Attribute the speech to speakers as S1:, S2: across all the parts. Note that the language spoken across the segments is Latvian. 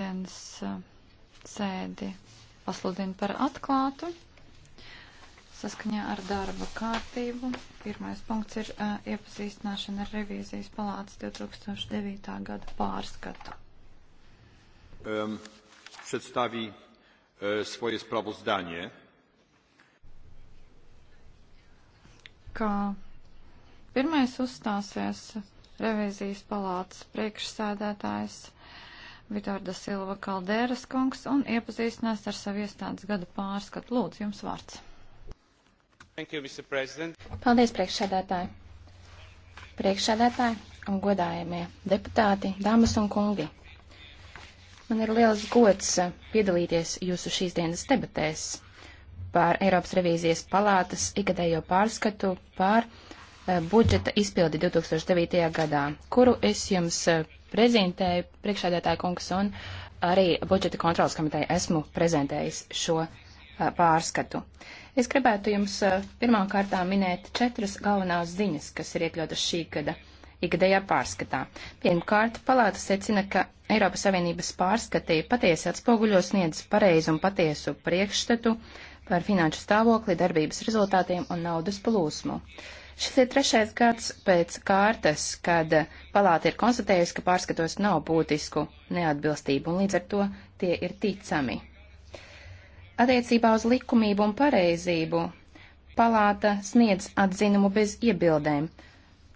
S1: dienas eh, sēdi pasludinu par atklātu. Saskaņā ar darba kārtību pirmais punkts ir uh, iepazīstināšana ar revīzijas palātas 2009. gada pārskatu.
S2: Um, Przedstawi uh, swoje sprawozdanie.
S1: Kā pirmais uzstāsies revīzijas palātas priekšsēdētājs Vitārda Silva Kaldēras kungs un iepazīstinās ar savu iestādes gada pārskatu. Lūdzu, jums vārds. Thank you, Mr. President. Paldies, priekšsēdētāji.
S3: Priekšsēdētāji un godājamie deputāti, dāmas un kungi. Man ir liels gods piedalīties jūsu šīs dienas debatēs par Eiropas revīzijas palātas ikgadējo pārskatu par eh, budžeta izpildi 2009. gadā, kuru es jums eh, prezentēju priekšādētāju kungs un arī budžeta kontrolas komiteja esmu prezentējis šo a, pārskatu. Es gribētu jums a, pirmām kārtām minēt četras galvenās ziņas, kas ir iekļautas šī gada ikgadējā pārskatā. Pirmkārt, palāta secina, ka Eiropas Savienības pārskatī patiesi atspoguļo sniedz pareizu un patiesu priekšstatu par finanšu stāvokli, darbības rezultātiem un naudas plūsmu. Uh, Šis ir trešais gads pēc kārtas, kad palāta ir konstatējusi, ka pārskatos nav būtisku neatbilstību, un līdz ar to tie ir ticami. Attiecībā uz likumību un pareizību palāta sniedz atzinumu bez iebildēm,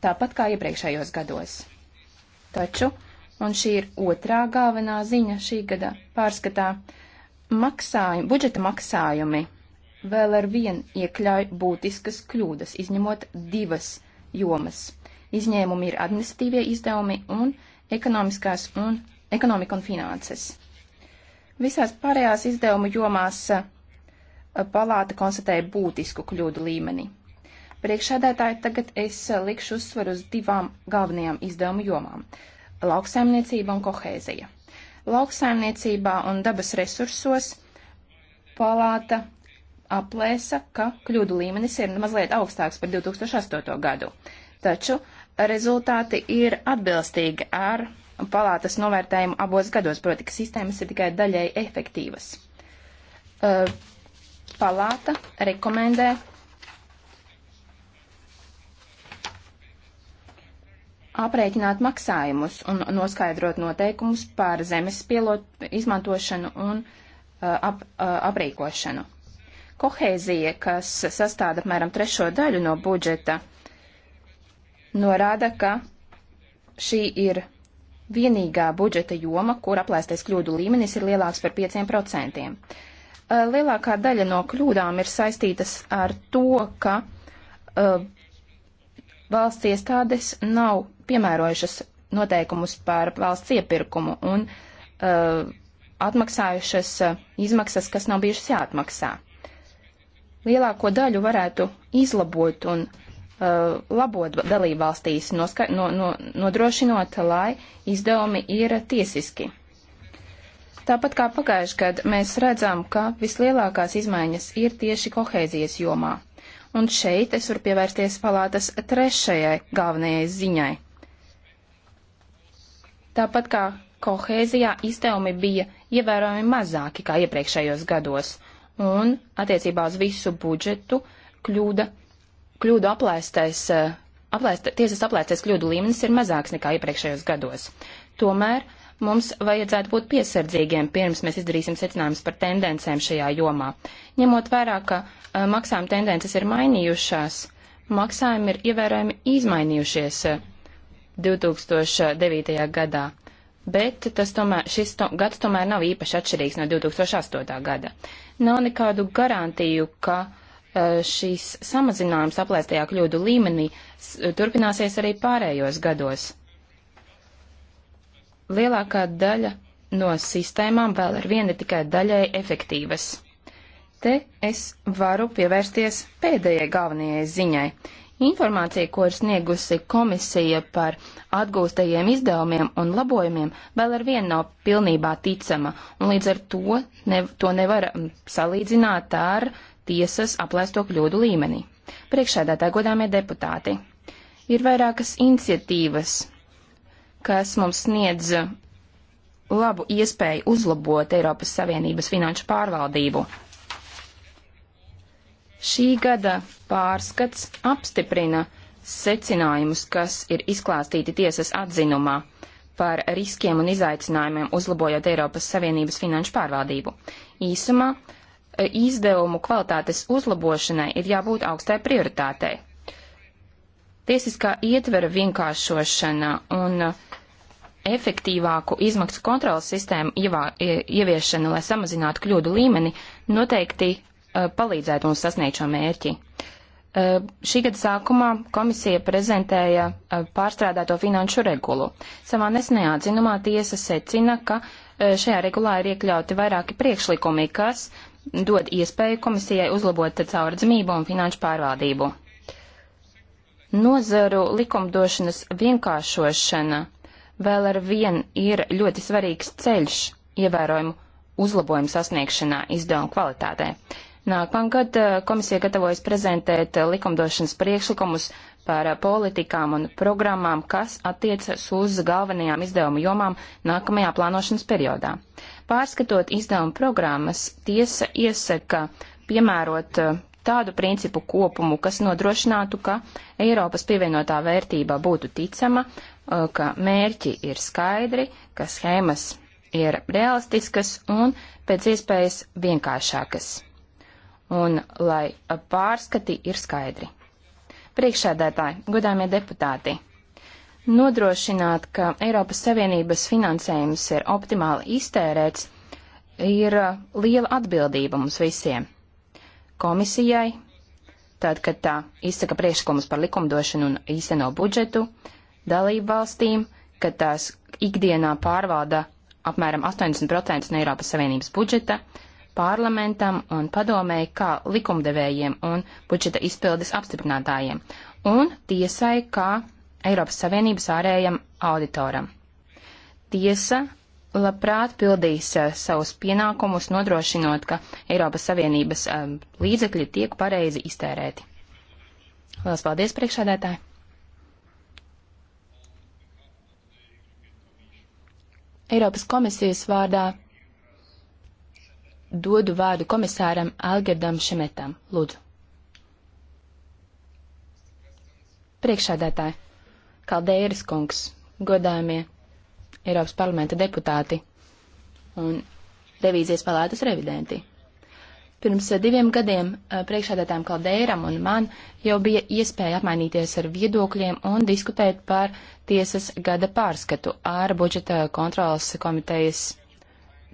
S3: tāpat kā iepriekšējos gados. Taču, un šī ir otrā galvenā ziņa šī gada pārskatā, maksājumi, budžeta maksājumi vēl ar vien iekļauj būtiskas kļūdas, izņemot divas jomas. Izņēmumi ir administratīvie izdevumi un ekonomiskās un ekonomika un finanses. Visās pārējās izdevumu jomās palāta konstatēja būtisku kļūdu līmeni. Priekšēdētāji tagad es likšu uzsvaru uz divām galvenajām izdevumu jomām - lauksaimniecība un kohēzija. Lauksaimniecībā un dabas resursos palāta aplēsa, ka kļūdu līmenis ir mazliet augstāks par 2008. gadu. Taču rezultāti ir atbilstīgi ar palātas novērtējumu abos gados, proti, ka sistēmas ir tikai daļēji efektīvas. Palāta rekomendē aprēķināt maksājumus un noskaidrot noteikumus par zemes pielot izmantošanu un ap, aprīkošanu. Kohēzija, kas sastāda apmēram trešo daļu no budžeta, norāda, ka šī ir vienīgā budžeta joma, kur aplēstais kļūdu līmenis ir lielāks par 5%. Eh, lielākā daļa no kļūdām ir saistītas ar to, ka uh, valsts iestādes nav piemērojušas noteikumus par valsts iepirkumu un uh, atmaksājušas izmaksas, kas nav bijušas jāatmaksā lielāko daļu varētu izlabot un uh, labot dalībvalstīs, noska, no, no, nodrošinot, lai izdevumi ir tiesiski. Tāpat kā pagājuši, kad mēs redzam, ka vislielākās izmaiņas ir tieši kohēzijas jomā. Un šeit es varu pievērsties palātas trešajai galvenajai ziņai. Tāpat kā kohēzijā izdevumi bija ievērojami mazāki kā iepriekšējos gados, un attiecībā uz visu budžetu kļūda, kļūdu aplēstais, eh, aplēst, tiesas aplēstais kļūdu līmenis ir mazāks nekā iepriekšējos gados. Tomēr mums vajadzētu būt piesardzīgiem, pirms mēs izdarīsim secinājumus par tendencēm šajā jomā. Ņemot vērā, ka uh, eh, maksājuma tendences ir mainījušās, maksājumi ir ievērojami izmainījušies uh, 2009. gadā bet tas tomēr, šis to, gads tomēr nav īpaši atšķirīgs no 2008. gada. Nav nekādu garantiju, ka e, šīs samazinājums aplēstajā kļūdu līmenī turpināsies arī pārējos gados. Lielākā daļa no sistēmām vēl ar vienu tikai daļai efektīvas. Te es varu pievērsties pēdējai galvenajai ziņai. Informācija, ko ir sniegusi komisija par atgūstajiem izdevumiem un labojumiem, vēl ar vienu nav pilnībā ticama, un līdz ar to ne, to nevar mm, salīdzināt ar tiesas aplēsto kļūdu līmenī. Priekšēdētā godāmie deputāti, ir vairākas iniciatīvas, kas mums sniedz labu iespēju uzlabot Eiropas Savienības finanšu pārvaldību. Šī gada pārskats apstiprina secinājumus, kas ir izklāstīti tiesas atzinumā par riskiem un izaicinājumiem uzlabojot Eiropas Savienības finanšu pārvaldību. Īsumā, e, izdevumu kvalitātes uzlabošanai ir jābūt augstai prioritātei. Tiesiskā ietvera vienkāršošana un efektīvāku izmaksu kontrolas sistēmu ievā, ieviešana, lai samazinātu kļūdu līmeni, noteikti Eh, palīdzētu mums sasniegt šo mērķi. Eh, šī gada sākumā komisija prezentēja eh, pārstrādāto finanšu regulu. Savā nesenajā atzinumā tiesa secina, ka šajā regulā ir iekļauti vairāki priekšlikumi, kas dod iespēju komisijai uzlabot caurdzamību un finanšu pārvaldību. Nozaru likumdošanas vienkāršošana vēl ar vien ir ļoti svarīgs ceļš ievērojumu uzlabojumu sasniegšanā izdevuma kvalitātē. Nākamgad komisija gatavojas prezentēt eh, likumdošanas priekšlikumus par eh, politikām un programmām, kas attiecas uz galvenajām izdevumu jomām nākamajā plānošanas periodā. Pārskatot izdevumu programmas, tiesa iesaka piemērot eh, tādu principu kopumu, kas nodrošinātu, ka Eiropas pievienotā vērtība būtu ticama, ka mērķi ir skaidri, ka schēmas ir realistiskas un pēc iespējas vienkāršākas un lai pārskati ir skaidri. Priekšsēdētāji, godāmie deputāti, nodrošināt, ka Eiropas Savienības finansējums ir optimāli iztērēts, ir liela atbildība mums visiem. Komisijai, tad, kad tā izsaka priekšlikumus par likumdošanu un īsteno budžetu, dalību valstīm, kad tās ikdienā pārvalda apmēram 80% no Eiropas Savienības budžeta, uh, parlamentam un padomēji kā likumdevējiem un budžeta izpildes apstiprinātājiem un tiesai kā Eiropas Savienības ārējam auditoram. Tiesa labprāt pildīs uh, savus pienākumus, nodrošinot, ka Eiropas Savienības uh, līdzekļi tiek pareizi iztērēti. Lielas paldies, priekšādētāji! Eiropas komisijas vārdā dodu vārdu komisāram Algerdam Šemetam. Lūdzu. Priekšādātāji, Kaldēras kungs, godājumie Eiropas parlamenta deputāti un revīzijas palātas revidenti. Pirms diviem gadiem eh, priekšādātājiem Kaldēram un man jau bija iespēja apmainīties ar viedokļiem un diskutēt par tiesas gada pārskatu ar budžeta kontrolas komitejas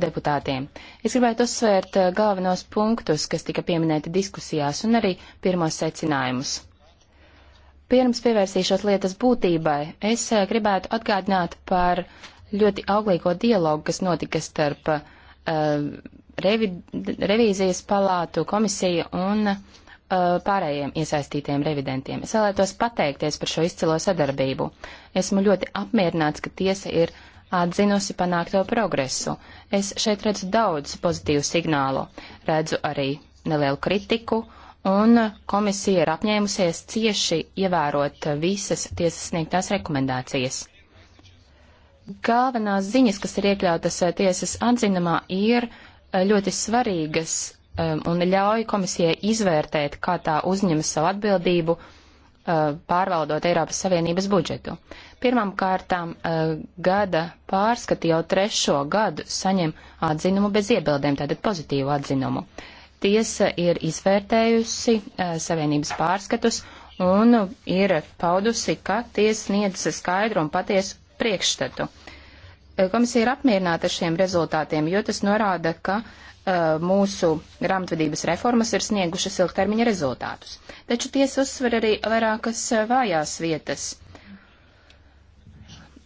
S3: deputātiem. Es gribētu uzsvērt eh, galvenos punktus, kas tika pieminēti diskusijās, un arī pirmos secinājumus. Pirms pievērsīšos lietas būtībai, es eh, gribētu atgādināt par ļoti auglīgo dialogu, kas notika starp uh, revi, revīzijas palātu, komisiju un uh, pārējiem iesaistītiem revidentiem. Es vēlētos pateikties par šo izcilo sadarbību. Esmu ļoti apmierināts, ka tiesa ir atzinusi panākto progresu. Es šeit redzu daudz pozitīvu signālu, redzu arī nelielu kritiku, un komisija ir apņēmusies cieši ievērot visas tiesas sniegtās rekomendācijas. Galvenās ziņas, kas ir iekļautas eh, tiesas atzinumā, ir eh, ļoti svarīgas eh, un ļauj komisijai izvērtēt, kā tā uzņemas savu atbildību pārvaldot Eiropas Savienības budžetu. Pirmām kārtām eh, gada pārskati jau trešo gadu saņem atzinumu bez iebildēm, tātad pozitīvu atzinumu. Tiesa ir izvērtējusi eh, savienības pārskatus un ir paudusi, ka tiesa sniedz skaidru un patiesu priekšstatu. Eh, komisija ir apmierināta ar šiem rezultātiem, jo tas norāda, ka mūsu grāmatvedības reformas ir sniegušas ilgtermiņa rezultātus. Taču tiesa uzsver arī vairākas vājās vietas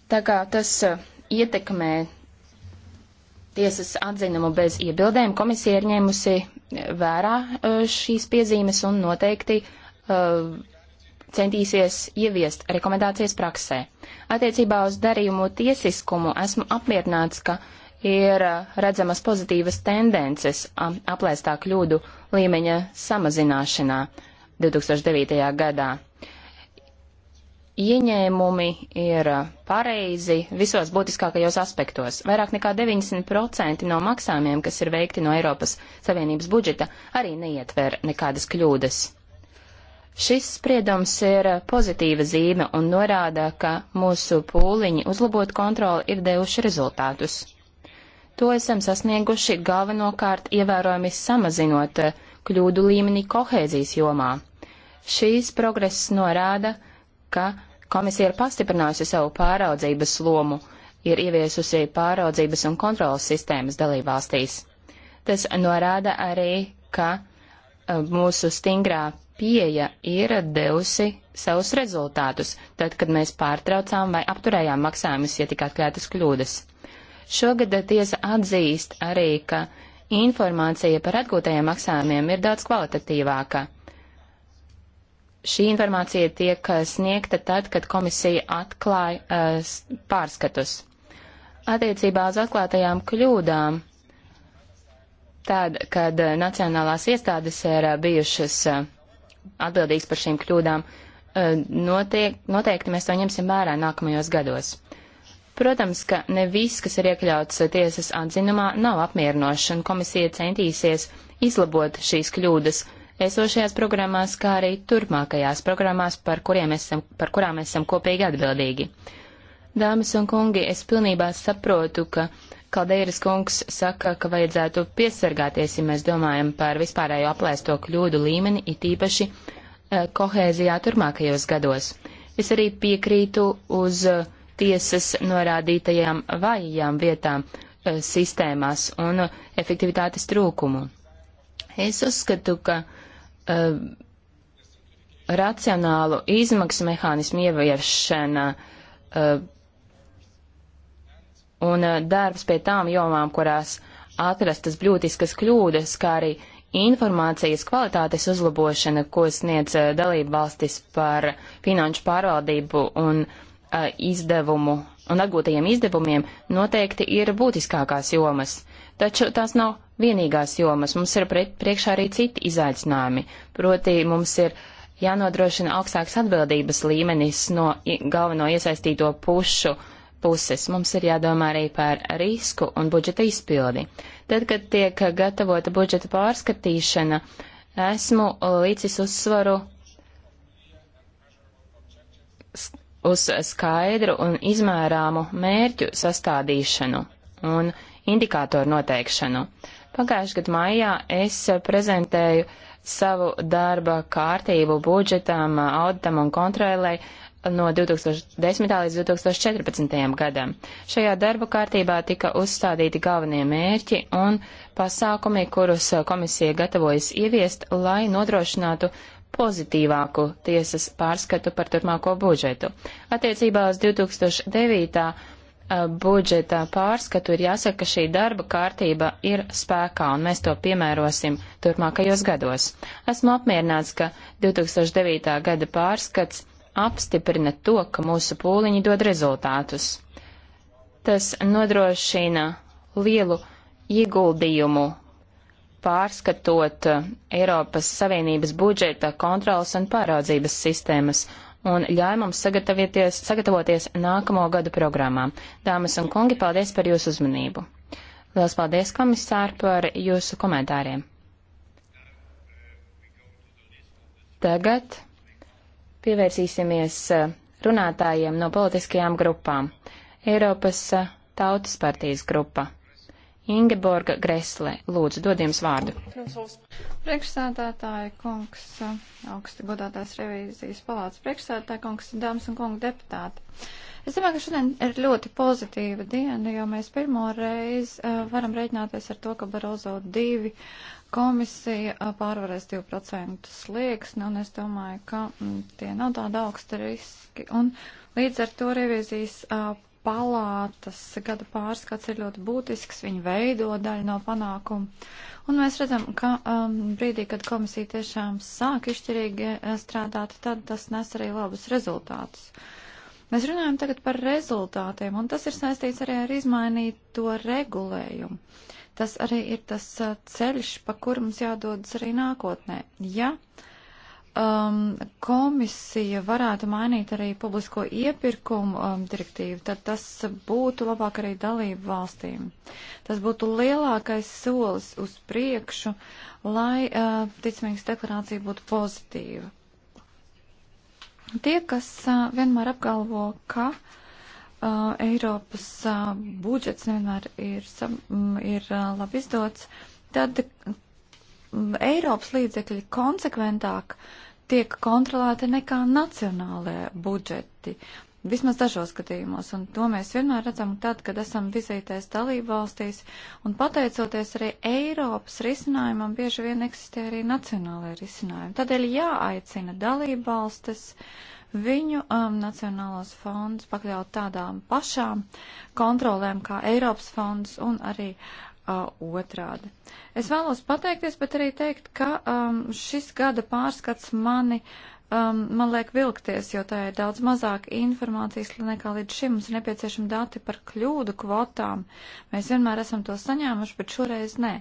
S3: Tā kā tas uh, ietekmē tiesas atzinumu bez iebildēm, komisija ir ņēmusi uh, vērā uh, šīs piezīmes un noteikti uh, centīsies ieviest rekomendācijas praksē. Attiecībā uz darījumu tiesiskumu esmu apmierināts, ka ir redzamas pozitīvas tendences um, aplēstā kļūdu līmeņa samazināšanā 2009. gadā ieņēmumi ir pareizi visos būtiskākajos aspektos. Vairāk nekā 90% no maksājumiem, kas ir veikti no Eiropas Savienības budžeta, arī neietver nekādas kļūdas. Šis spriedums ir pozitīva zīme un norāda, ka mūsu pūliņi uzlabot kontroli ir devuši rezultātus. To esam sasnieguši galvenokārt ievērojami samazinot kļūdu līmeni kohēzijas jomā. Šīs progress norāda, ka Komisija ir pastiprinājusi savu pāraudzības lomu, ir ieviesusi pāraudzības un kontrolas sistēmas dalībvalstīs. Tas norāda arī, ka e, mūsu stingrā pieeja ir devusi savus rezultātus, tad, kad mēs pārtraucām vai apturējām maksājumus, ja tika atklātas kļūdas. Šogad tiesa atzīst arī, ka informācija par atgūtajiem maksājumiem ir daudz kvalitatīvāka. Šī informācija tiek eh, sniegta tad, kad komisija atklāja uh, pārskatus. Attiecībā uz atklātajām kļūdām, tad, kad eh, nacionālās iestādes ir uh, bijušas uh, atbildīgas par šīm kļūdām, notiek, noteikti mēs to ņemsim vērā nākamajos gados. Protams, ka ne viss, kas ir iekļauts tiesas atzinumā, nav apmierinoši, un komisija centīsies izlabot šīs kļūdas esošajās programmās, kā arī turpmākajās programmās, par, esam, par kurām mēs esam kopīgi atbildīgi. Dāmas un kungi, es pilnībā saprotu, ka Kaldeiras kungs saka, ka vajadzētu piesargāties, ja mēs domājam par vispārējo aplēsto kļūdu līmeni, it īpaši eh, kohēzijā turpmākajos gados. Es arī piekrītu uz eh, tiesas norādītajām vājajām vietām eh, sistēmās un efektivitātes trūkumu. Es uzskatu, ka uh, racionālu izmaksu mehānismu ieviešana uh, eh, un uh, darbs pie tām jomām, kurās atrastas būtiskas kļūdas, kā arī informācijas kvalitātes uzlabošana, ko sniedz uh, dalību valstis par finanšu pārvaldību un uh, izdevumu un atgūtajiem izdevumiem, noteikti ir būtiskākās jomas. Taču tās nav vienīgās jomas. Mums ir priekšā arī citi izaicinājumi. Proti mums ir jānodrošina augstāks atbildības līmenis no galveno iesaistīto pušu puses. Mums ir jādomā arī par risku un budžeta izpildi. Tad, kad tiek gatavota budžeta pārskatīšana, esmu līdzis uzsvaru uz skaidru un izmērāmu mērķu sastādīšanu un indikātoru noteikšanu. Uh, Pagājušajā gadā maijā es prezentēju savu darba kārtību budžetam, auditam un kontrolē no 2010. līdz 2014. gadam. Šajā darba kārtībā tika uzstādīti galvenie mērķi un pasākumi, kurus komisija gatavojas ieviest, lai nodrošinātu pozitīvāku tiesas pārskatu par turpmāko budžetu. Attiecībā uz 2009 Eh, budžeta pārskatu, ir jāsaka, ka šī darba kārtība ir spēkā, un mēs to piemērosim turpmākajos gados. Esmu apmierināts, ka 2009. gada pārskats apstiprina to, ka mūsu pūliņi dod rezultātus. Tas nodrošina lielu ieguldījumu pārskatot eh, Eiropas Savienības budžeta kontrolas un pāraudzības sistēmas un ļauj mums sagatavoties nākamo gadu programmām. Dāmas un kungi, paldies par jūsu uzmanību. Lielas paldies, komisāri, par jūsu komentāriem. Tagad pievērsīsimies eh, runātājiem no politiskajām grupām. Eiropas eh, Tautas partijas grupa. Ingeborga Gresle. Lūdzu, dod jums vārdu.
S1: Priekšsēdētāja kungs, augsti godātās revīzijas palātas priekšsēdētāja kungs, dāmas un kungi deputāti. Es domāju, ka šodien ir ļoti pozitīva diena, jo mēs pirmo reizi uh, varam rēķināties ar to, ka Barozo 2 komisija uh, pārvarēs 2% slieksni, un es domāju, ka m, mm, tie nav tādi augsti riski, un līdz ar to revīzijas uh, palātas gada pārskats ir ļoti būtisks, viņi veido daļu no panākumu. Un mēs redzam, ka um, brīdī, kad komisija tiešām sāk izšķirīgi eh, strādāt, tad tas nes arī labus rezultātus. Mēs runājam tagad par rezultātiem, un tas ir saistīts arī ar izmainīto regulējumu. Tas arī ir tas eh, ceļš, pa kur mums jādodas arī nākotnē. Ja uh, um, komisija varētu mainīt arī publisko iepirkumu um, direktīvu, tad tas būtu labāk arī dalību valstīm. Tas būtu lielākais solis uz priekšu, lai uh, ticamības deklarācija būtu pozitīva. Tie, kas uh, vienmēr apgalvo, ka uh, Eiropas uh, budžets nevienmēr ir, um, ir uh, labi izdots, tad mm, Eiropas līdzekļi konsekventāk uh, tiek kontrolēti nekā nacionālajie budžeti. Vismaz dažos gadījumos, un to mēs vienmēr redzam tad, kad esam vizītēs dalību valstīs, un pateicoties arī Eiropas risinājumam, bieži vien eksistē arī nacionālajie risinājumi. Tādēļ jāaicina dalību valstis viņu um, nacionālos fondus pakļaut tādām pašām kontrolēm kā Eiropas fonds un arī uh, uh, otrādi. Es vēlos pateikties, bet arī teikt, ka um, šis gada pārskats mani um, man liek vilkties, jo tā ir daudz mazāk informācijas nekā līdz šim. Mums ir nepieciešami dati par kļūdu kvotām. Mēs vienmēr esam to saņēmuši, bet šoreiz nē.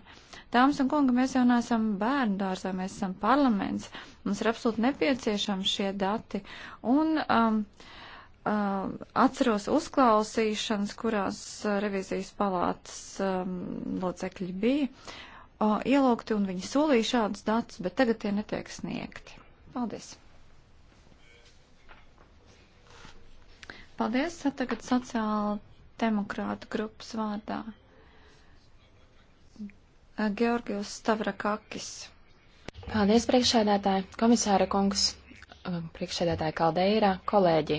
S1: Dāmas un kungi, mēs jau neesam bērnu dārzā, mēs esam parlaments. Mums ir absolūti nepieciešami šie dati. Un, um, uh, uh, atceros uzklausīšanas, kurās uh, revizijas palātas um, locekļi bija uh, ielūgti un viņi solīja šādus datus, bet tagad tie netiek sniegti. Paldies! Paldies! Tagad sociāla demokrāta grupas vārdā. Georgijus Stavrakakis. Paldies, priekšsēdētāji,
S3: komisāra kungs, priekšsēdētāja Kaldeira, kolēģi.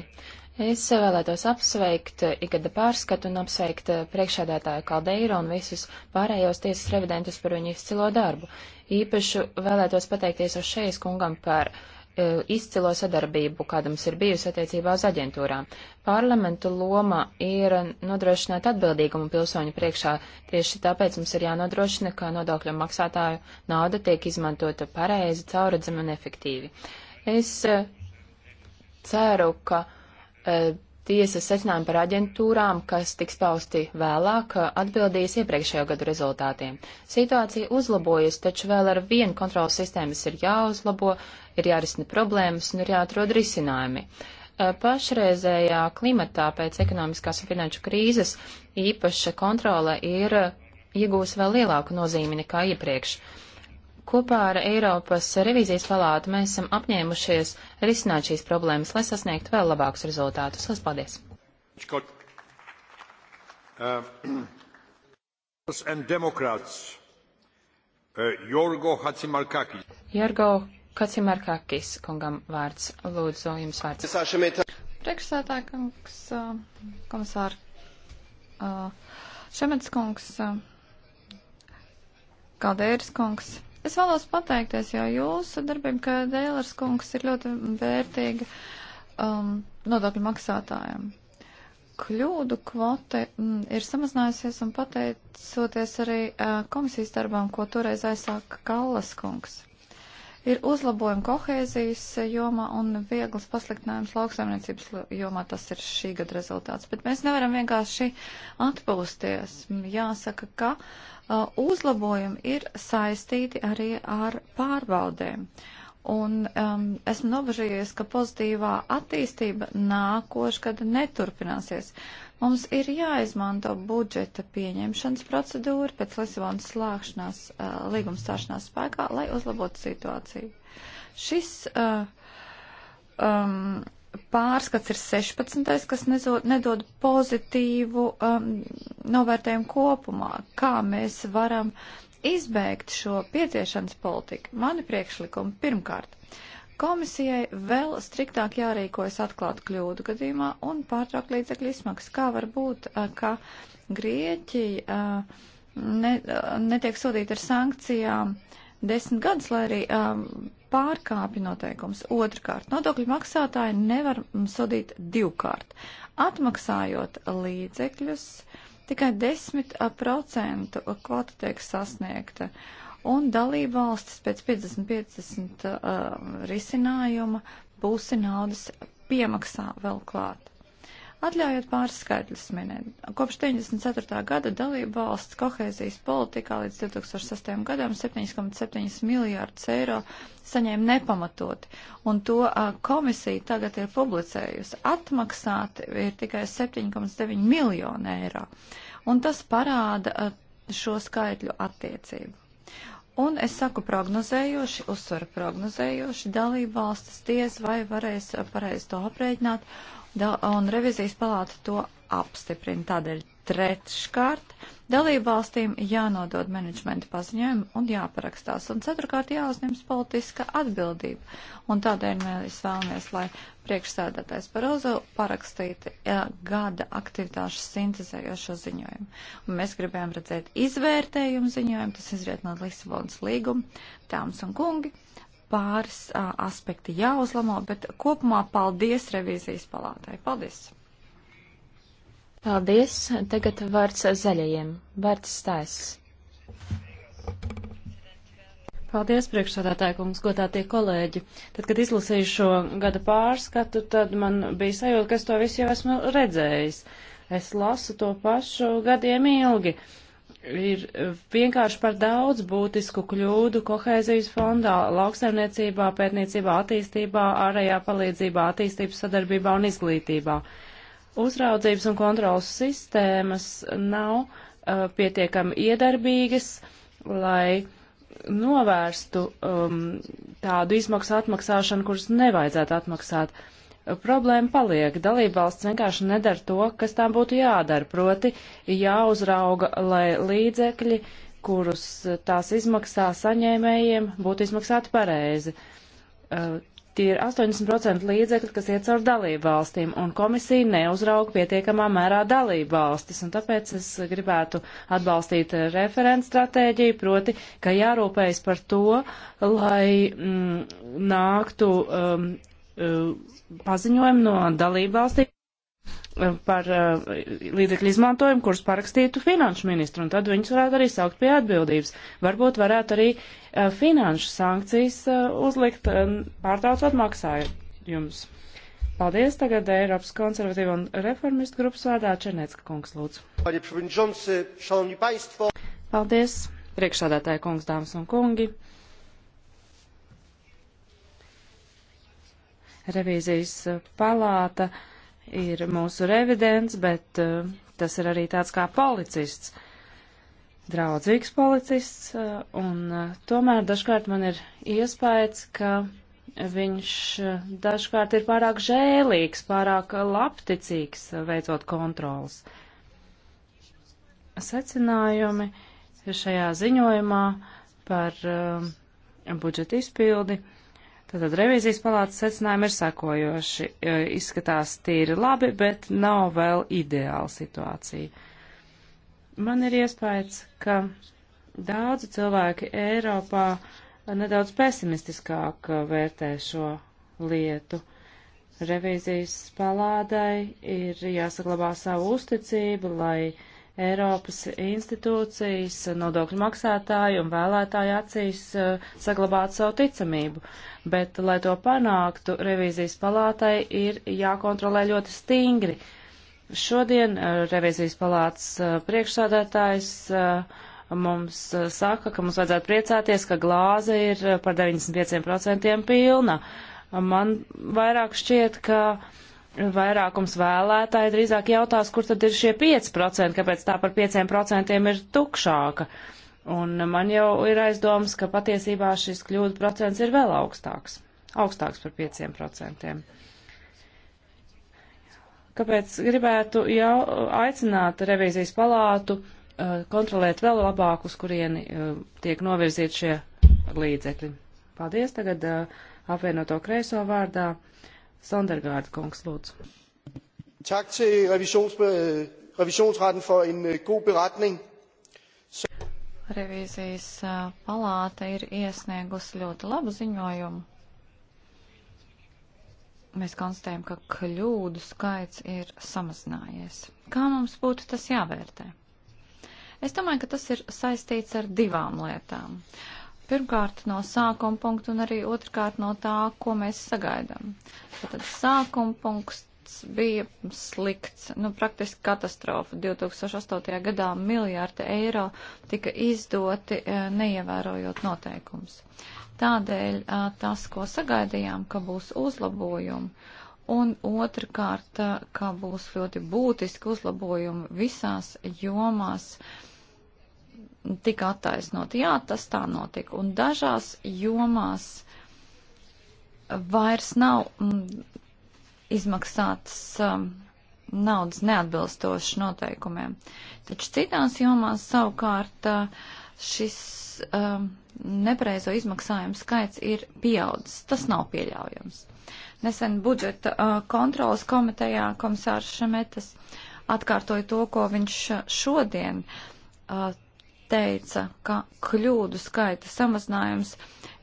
S3: Es vēlētos apsveikt eh, ikada pārskatu un apsveikt eh, priekšādātāju Kaldeiro un visus pārējos tiesas revidentus par viņu izcilo darbu. Īpaši vēlētos pateikties uz šejas kungam par uh, izcilo sadarbību, kāda mums ir bijusi attiecībā uz aģentūrām. Parlamentu loma ir nodrošināt atbildīgumu pilsoņu priekšā. Tieši tāpēc mums ir jānodrošina, ka nodokļu maksātāju nauda tiek izmantota pareizi, cauradzami un efektīvi. Es uh, ceru, ka Eh, tiesas secinājumi par aģentūrām, kas tiks pausti vēlāk, eh, atbildīs iepriekšējo gadu rezultātiem. Situācija uzlabojas, taču vēl ar vienu kontrolas sistēmas ir jāuzlabo, ir jārisina problēmas un ir jāatrod risinājumi. Eh, pašreizējā klimatā pēc ekonomiskās un finanšu krīzes īpaša kontrole ir iegūs vēl lielāku nozīmi nekā iepriekš. Uh, Kopā ar Eiropas revīzijas palātu mēs esam apņēmušies risināt šīs problēmas, lai sasniegtu vēl labākus rezultātus. Lielas paldies!
S2: Jorgo uh, Hacimarkakis.
S3: Jorgo Hacimarkakis kungam vārds. Lūdzu, jums vārds.
S1: Priekšsētā kungs, uh, komisār uh, Šemets kungs, Kaldēris kungs. Es vēlos pateikties, jo jūsu darbība, ka Dēlers kungs ir ļoti vērtīga um, nodokļu maksātājiem. Kļūdu kvote m, mm, ir samazinājusies un pateicoties arī uh, komisijas darbām, ko toreiz aizsāka Kallas kungs ir uzlabojumi kohēzijas jomā un viegls pasliktinājums lauksaimniecības jomā. Tas ir šī gada rezultāts. Bet mēs nevaram vienkārši atpūsties. Jāsaka, ka uh, uzlabojumi ir saistīti arī ar pārbaudēm. Uh, Un um, esmu nobežījies, ka pozitīvā attīstība nākošgad neturpināsies. Mums ir jāizmanto budžeta pieņemšanas procedūra pēc Lisabonas slēgšanās, uh, līguma stāšanās spēkā, lai uzlabotu situāciju. Šis uh, um, pārskats ir 16. kas nezod, nedod pozitīvu um, novērtējumu kopumā, kā mēs varam izbeigt šo pieciešanas politiku, mani priekšlikumi pirmkārt. Komisijai vēl striktāk jārīkojas atklāt kļūdu gadījumā un pārtraukt līdzekļu izmaksas. Kā var būt, ka Grieķija ne, netiek sodīta ar sankcijām desmit gadus, lai arī pārkāpja noteikums. Otrkārt, nodokļu maksātāji nevar sodīt divkārt. Atmaksājot līdzekļus, uh, Tikai 10% kvota tiek sasniegta. Un dalība valstis pēc 50-50 uh, risinājuma pusi naudas piemaksā vēl klāt. Atļaujot pāris skaitļus minēt, kopš 94. gada dalība valsts kohēzijas politikā līdz 2006. gadam 7,7 miljārdus eiro saņēma nepamatoti, un to komisija tagad ir publicējusi. Atmaksāti ir tikai 7,9 miljoni eiro, un tas parāda šo skaitļu attiecību. Un es saku prognozējoši, uzsveru prognozējoši, dalība valstis diez vai varēs pareizi to aprēķināt da, un revizijas palāta to apstiprina. Tādēļ treškārt dalību valstīm jānodod menedžmenta paziņojumi un jāparakstās. Un ceturkārt jāuzņems politiska atbildība. Un tādēļ mēs vēlamies, lai priekšsēdētājs Barozo parakstītu gada aktivitāšu sintezējošo ziņojumu. Un mēs gribējām redzēt izvērtējumu ziņojumu, tas izriet no Lisabonas līguma, tāms un kungi pāris a, aspekti jāuzlamo, bet kopumā paldies revīzijas palātai. Paldies! Paldies! Tagad vārds zaļajiem. Vārds stāsts.
S2: Paldies, priekšsādātāji kungs, godātie kolēģi. Tad, kad izlasīju šo gada pārskatu, tad man bija sajūta, ka es to visu jau esmu redzējis. Es lasu to pašu gadiem ilgi. Uh, ir vienkārši par daudz būtisku kļūdu kohēzijas fondā, lauksaimniecībā, pētniecībā, attīstībā, ārējā palīdzībā, attīstības sadarbībā un izglītībā. Uzraudzības un kontrolas sistēmas nav uh, pietiekami iedarbīgas, lai novērstu um, tādu izmaksu atmaksāšanu, kuras nevajadzētu atmaksāt. Uh, problēma paliek. Dalībvalsts vienkārši nedara to, kas tām būtu jādara, proti jāuzrauga, lai līdzekļi, kurus tās izmaksā saņēmējiem, būtu izmaksāti pareizi. Uh, tie ir 80% līdzekļi, kas iet caur dalību valstīm, un komisija neuzrauga pietiekamā mērā dalību valstis, un tāpēc es gribētu atbalstīt referents stratēģiju, proti, ka jārūpējas par to, lai mm, nāktu um, Uh, paziņojumu no dalībvalstīm uh, par uh, līdzekļu izmantojumu, kurus parakstītu finanšu ministru, un tad viņus varētu arī saukt pie atbildības. Varbūt varētu arī finanšu sankcijas uzlikt, pārtraucot maksājumus. Paldies tagad Eiropas konservatīva un reformistu grupas vārdā Černecka kungs lūdzu. Paldies, priekšādātāja kungs, dāmas un kungi. Revīzijas eh, palāta ir mūsu revidents, bet uh, tas ir arī tāds kā policists, draudzīgs policists, uh, un uh, tomēr dažkārt man ir iespējas, ka viņš dažkārt ir pārāk žēlīgs, pārāk labticīgs veicot kontrols. Secinājumi šajā ziņojumā par uh, budžeta izpildi uh, Tātad revīzijas palātas secinājumi ir sakojoši. E, izskatās tīri labi, bet nav vēl ideāla situācija. Man ir iespējas, ka daudzi cilvēki Eiropā nedaudz pesimistiskāk e, vērtē šo lietu. Revīzijas palādai ir jāsaglabā savu uzticību, lai uh, Eiropas institūcijas, nodokļu maksātāju un vēlētāju acīs eh, saglabāt savu ticamību. Bet, lai to panāktu, revīzijas palātai ir jākontrolē ļoti stingri. Šodien eh, revīzijas palātas eh, priekšsādātājs mums saka, ka mums vajadzētu priecāties, ka glāze ir par 95% pilna. Man vairāk šķiet, ka uh, vairākums vēlētāji drīzāk jautās, kur tad ir šie 5%, kāpēc tā par 5% ir tukšāka. Un man jau ir aizdoms, ka patiesībā šis kļūdu procents ir vēl augstāks, augstāks par 5%. Kāpēc gribētu jau aicināt revīzijas palātu uh, kontrolēt vēl labāk, uz kurieni uh, tiek novirzīti šie līdzekļi. Paldies tagad uh, apvienoto kreiso vārdā. Sondergārda kungs, lūdzu. Tak til revisions, revisionsretten for en øh, god beretning.
S1: Revīzijas palāta ir iesniegusi ļoti labu ziņojumu. Mēs konstatējam, ka kļūdu skaits ir samazinājies. Kā mums būtu tas jāvērtē? Es domāju, ka tas ir saistīts ar divām lietām. Uh, Pirmkārt no sākuma punkta un arī otrkārt no tā, ko mēs sagaidām. Tad sākuma punkts bija slikts, nu praktiski katastrofa. 2008. gadā miljārdi eiro tika izdoti e, neievērojot noteikums. Tādēļ e, tas, ko sagaidījām, ka būs uzlabojumi, un otrkārt, e, ka būs ļoti būtiski uzlabojumi visās jomās, uh, tika attaisnot. Jā, tas tā notika. Un dažās jomās vairs nav mm, izmaksātas um, naudas neatbilstoši noteikumiem. Taču citās jomās savukārt uh, šis um, nepreizo izmaksājumu skaits ir pieaudzis. Tas nav pieļaujams. Nesen budžeta uh, kontrolas komitejā komisārs Šemetas atkārtoja to, ko viņš uh, šodien uh, teica, ka kļūdu skaita samazinājums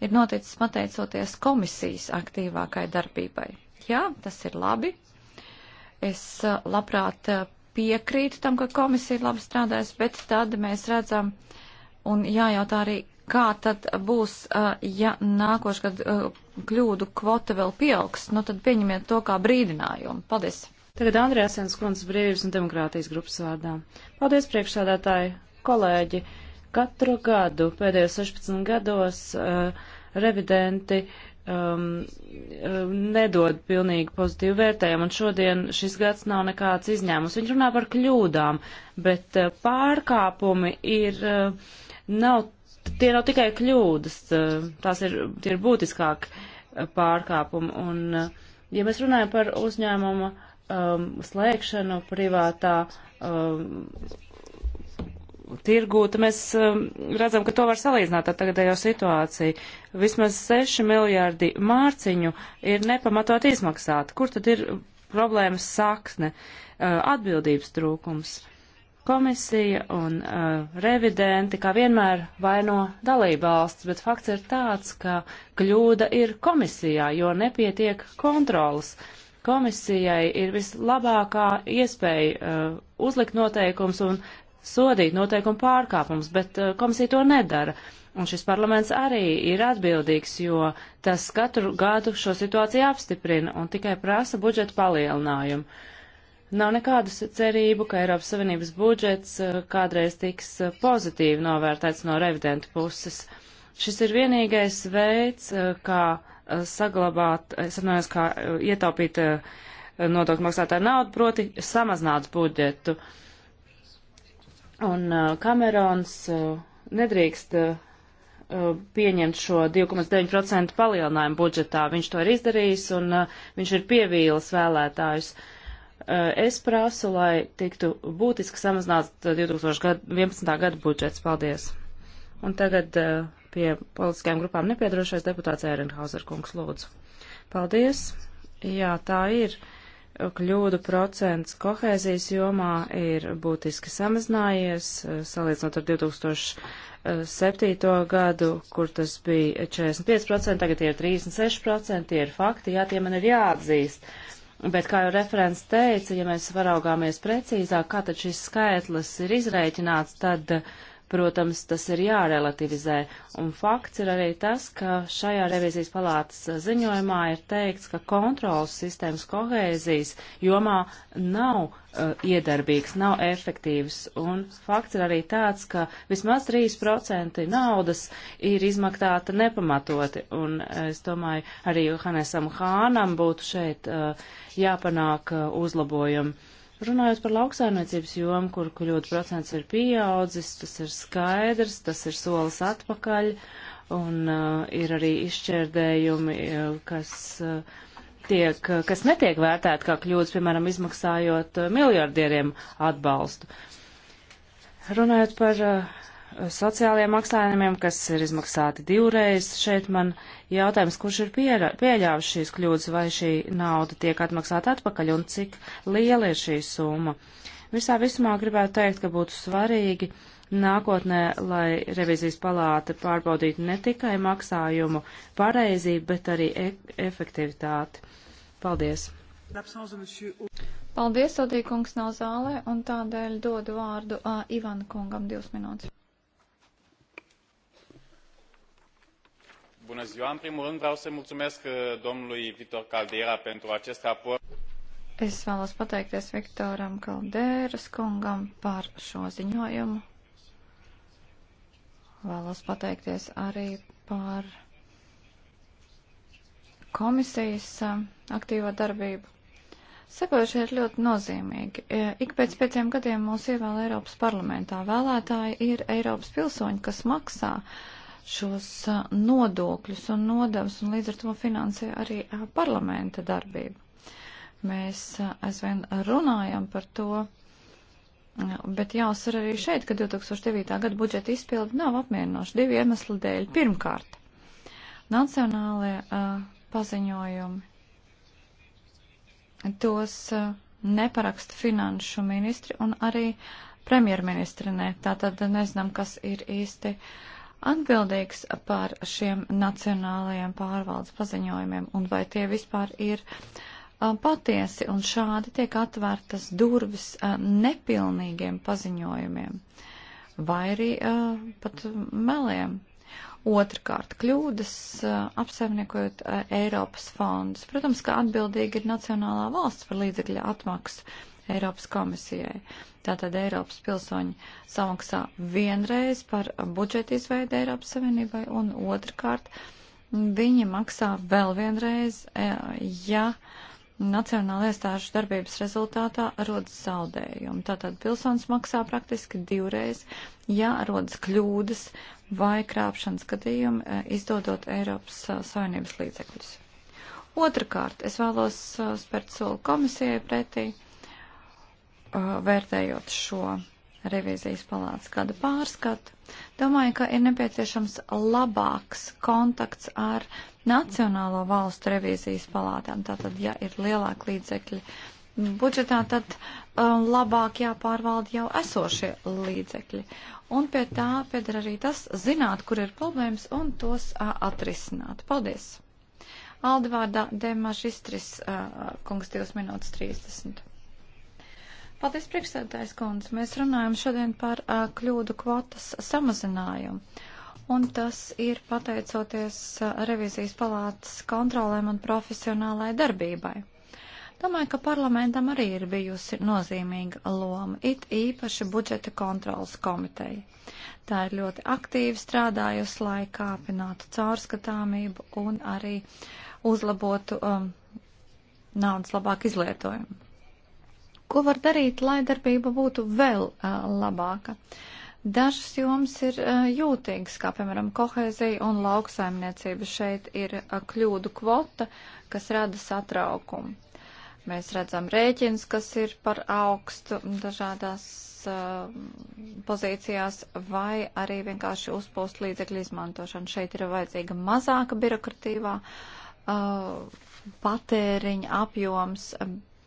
S1: ir noticis pateicoties komisijas aktīvākai darbībai. Jā, tas ir labi. Es uh, labprāt uh, piekrītu tam, ka komisija ir labi strādājusi, bet tad mēs redzam un jājautā arī, kā tad būs, uh, ja nākošgad kļūdu kvota vēl pieaugs. Nu tad pieņemiet to kā
S2: brīdinājumu. Paldies! Tagad Andrēsens Kundzes brīvības un demokrātijas grupas vārdā. Paldies priekšsādātāji, Kolēģi, katru gadu pēdējos 16 gados uh, revidenti um, eh, nedod pilnīgi pozitīvu vērtējumu, un šodien šis gads nav nekāds izņēmums. Viņi runā par kļūdām, bet uh, pārkāpumi ir, uh, nav, tie nav tikai kļūdas, uh, tās ir, tie ir būtiskāk uh, pārkāpumi, un, uh, ja mēs runājam par uzņēmuma um, slēgšanu privātā um, tirgū, tad mēs um, redzam, ka to var salīdzināt ar tagadējo situāciju. Vismaz 6 miljārdi mārciņu ir nepamatot izmaksāti. Kur tad ir problēmas sakne? Uh, atbildības trūkums. Komisija un uh, revidenti, kā vienmēr, vaino dalībvalsts, bet fakts ir tāds, ka kļūda ir komisijā, jo nepietiek kontrolas. Komisijai ir vislabākā iespēja uh, uzlikt noteikums un sodīt noteikumu pārkāpumus, bet eh, komisija to nedara. Un šis parlaments arī ir atbildīgs, jo tas katru gadu šo situāciju apstiprina un tikai prasa budžeta palielinājumu. Nav nekādu cerību, ka Eiropas Savienības budžets eh, kādreiz tiks eh, pozitīvi novērtēts no revidentu puses. Šis ir vienīgais veids, kā saglabāt, es atnājos, kā ietaupīt nodokļu maksātāju naudu, proti samazināt budžetu. Uh, Un Kamerons uh, uh, nedrīkst uh, pieņemt šo 2,9% palielinājumu budžetā. Viņš to ir izdarījis un viņš ir pievīlis vēlētājus. Es prasu, lai tiktu būtiski samazināts 2011. gada budžets. Paldies! Un tagad pie politiskajām grupām nepiedrošais deputāts Ērenhauser kungs lūdzu. Paldies! Jā, tā ir. Uh, kļūdu procents kohēzijas jomā ir būtiski samazinājies, eh, salīdzinot ar 2007. gadu, kur tas bija 45%, tagad tie ir 36%, tie ir fakti, jā, tie man ir jāatzīst. Bet, kā jau referents teica, ja mēs varaugāmies precīzāk, kā tad šis skaitlis ir izrēķināts, tad uh, Protams, tas ir jārelativizē. Un fakts ir arī tas, ka šajā revizijas palātas ziņojumā ir teikts, ka kontrolas sistēmas kohēzijas jomā nav uh, iedarbīgs, nav efektīvs. Un fakts ir arī tāds, ka vismaz 3% naudas ir izmaktāta nepamatoti. Un es domāju, arī Johannesam Hānam būtu šeit uh, jāpanāk uh, uzlabojumi Runājot par lauksaimniecības jomu, kur kļūdu procents ir pieaudzis, tas ir skaidrs, tas ir solis atpakaļ, un uh, ir arī izšķērdējumi, uh, kas, uh, tiek, uh, kas netiek vērtēti kā kļūdas, piemēram, izmaksājot uh, miljardieriem atbalstu. Runājot par uh, sociālajiem maksājumiem, kas ir izmaksāti divreiz. Šeit man jautājums, kurš ir pieļāvis šīs kļūdas, vai šī nauda tiek atmaksāta atpakaļ un cik liela ir šī summa. Visā visumā gribētu teikt, ka būtu svarīgi nākotnē, lai revizijas palāte pārbaudītu ne tikai maksājumu pareizību, bet arī e efektivitāti. Paldies! Paldies, Odīkungs nav
S1: zālē, un tādēļ dodu vārdu uh, Ivan kungam divas minūtes. Bună ziua! În primul rând vreau să mulțumesc uh, domnului Vitor Caldera pentru acest raport. Es vēlos pateikties Viktoram Kalderas kungam par šo ziņojumu. Vēlos pateikties arī par komisijas uh, aktīvo darbību. Sekojušie ir ļoti nozīmīgi. E, ik pēc pieciem gadiem mūs ievēl Eiropas parlamentā. Vēlētāji ir Eiropas pilsoņi, kas maksā uh, šos nodokļus un nodevs, un līdz ar to finansē arī parlamenta darbību. Mēs aizvien runājam par to, bet jāsver arī šeit, ka 2009. gada budžeta izpildi nav apmierinoši divi iemesli dēļ. Pirmkārt, nacionālie uh, paziņojumi tos uh, neparaksta finanšu ministri un arī premjerministri ne. Tātad nezinām, kas ir īsti. Uh, atbildīgs par šiem nacionālajiem pārvaldes paziņojumiem un vai tie vispār ir uh, patiesi un šādi tiek atvērtas durvis uh, nepilnīgiem paziņojumiem vai arī uh, pat meliem. Otrakārt, kļūdas uh, apsaimniekojot uh, Eiropas fondus. Protams, ka atbildīgi ir Nacionālā valsts par līdzekļu atmaksu Eiropas komisijai. Tātad Eiropas pilsoņi samaksā vienreiz par budžetu izveidu Eiropas Savienībai un otrkārt viņi maksā vēl vienreiz, e, ja nacionāla iestāžu darbības rezultātā rodas zaudējumi. Tātad pilsonis maksā praktiski divreiz, ja rodas kļūdas vai krāpšanas gadījumi, e, izdodot Eiropas e, Savienības līdzekļus. Otrakārt, es vēlos spērt soli komisijai pretī Uh, vērtējot šo revīzijas palātas gada pārskatu, domāju, ka ir nepieciešams labāks kontakts ar Nacionālo valstu revīzijas palātām. Tātad, ja ir lielāki līdzekļi budžetā, tad um, labāk jāpārvalda jau esošie līdzekļi. Un pie tā piedara arī tas zināt, kur ir problēmas un tos uh, atrisināt. Paldies! Aldvārdā Demažistris uh, kungs 2 minūtes 30. Paldies, priekšsēdētājs kundze. Mēs runājam šodien par uh, kļūdu kvotas samazinājumu. Un tas ir pateicoties uh, revizijas palātas kontrolēm un profesionālai darbībai. Domāju, ka parlamentam arī ir bijusi nozīmīga loma, it īpaši budžeta kontrolas komiteja. Tā ir ļoti aktīvi strādājusi, lai kāpinātu caurskatāmību un arī uzlabotu um, naudas labāk izlietojumu. Ko var darīt, lai darbība būtu vēl uh, labāka? Dažas jomas ir uh, jūtīgas, kā piemēram kohēzija un lauksaimniecība. Šeit ir uh, kļūdu kvota, kas rada satraukumu. Mēs redzam rēķins, kas ir par augstu dažādās uh, pozīcijās, vai arī vienkārši uzpūst līdzekļu izmantošanu. Šeit ir vajadzīga mazāka birokratīvā uh, patēriņa apjoms,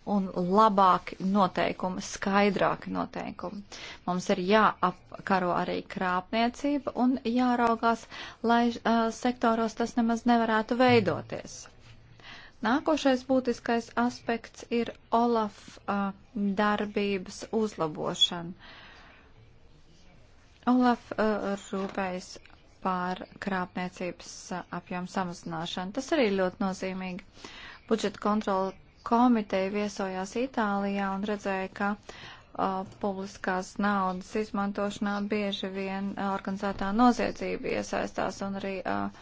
S1: un labāki noteikumi, skaidrāki noteikumi. Mums ir jāapkaro arī krāpniecība un jāraugās, lai uh, sektoros tas nemaz nevarētu veidoties. Nākošais būtiskais aspekts ir Olaf uh, darbības uzlabošana. Olaf uh, rūpējas par krāpniecības apjomu samazināšanu. Tas arī ļoti nozīmīgi. Budžeta kontrola komiteja viesojās Itālijā un redzēja, ka uh, publiskās naudas izmantošanā bieži vien uh, organizētā noziedzība iesaistās un arī uh,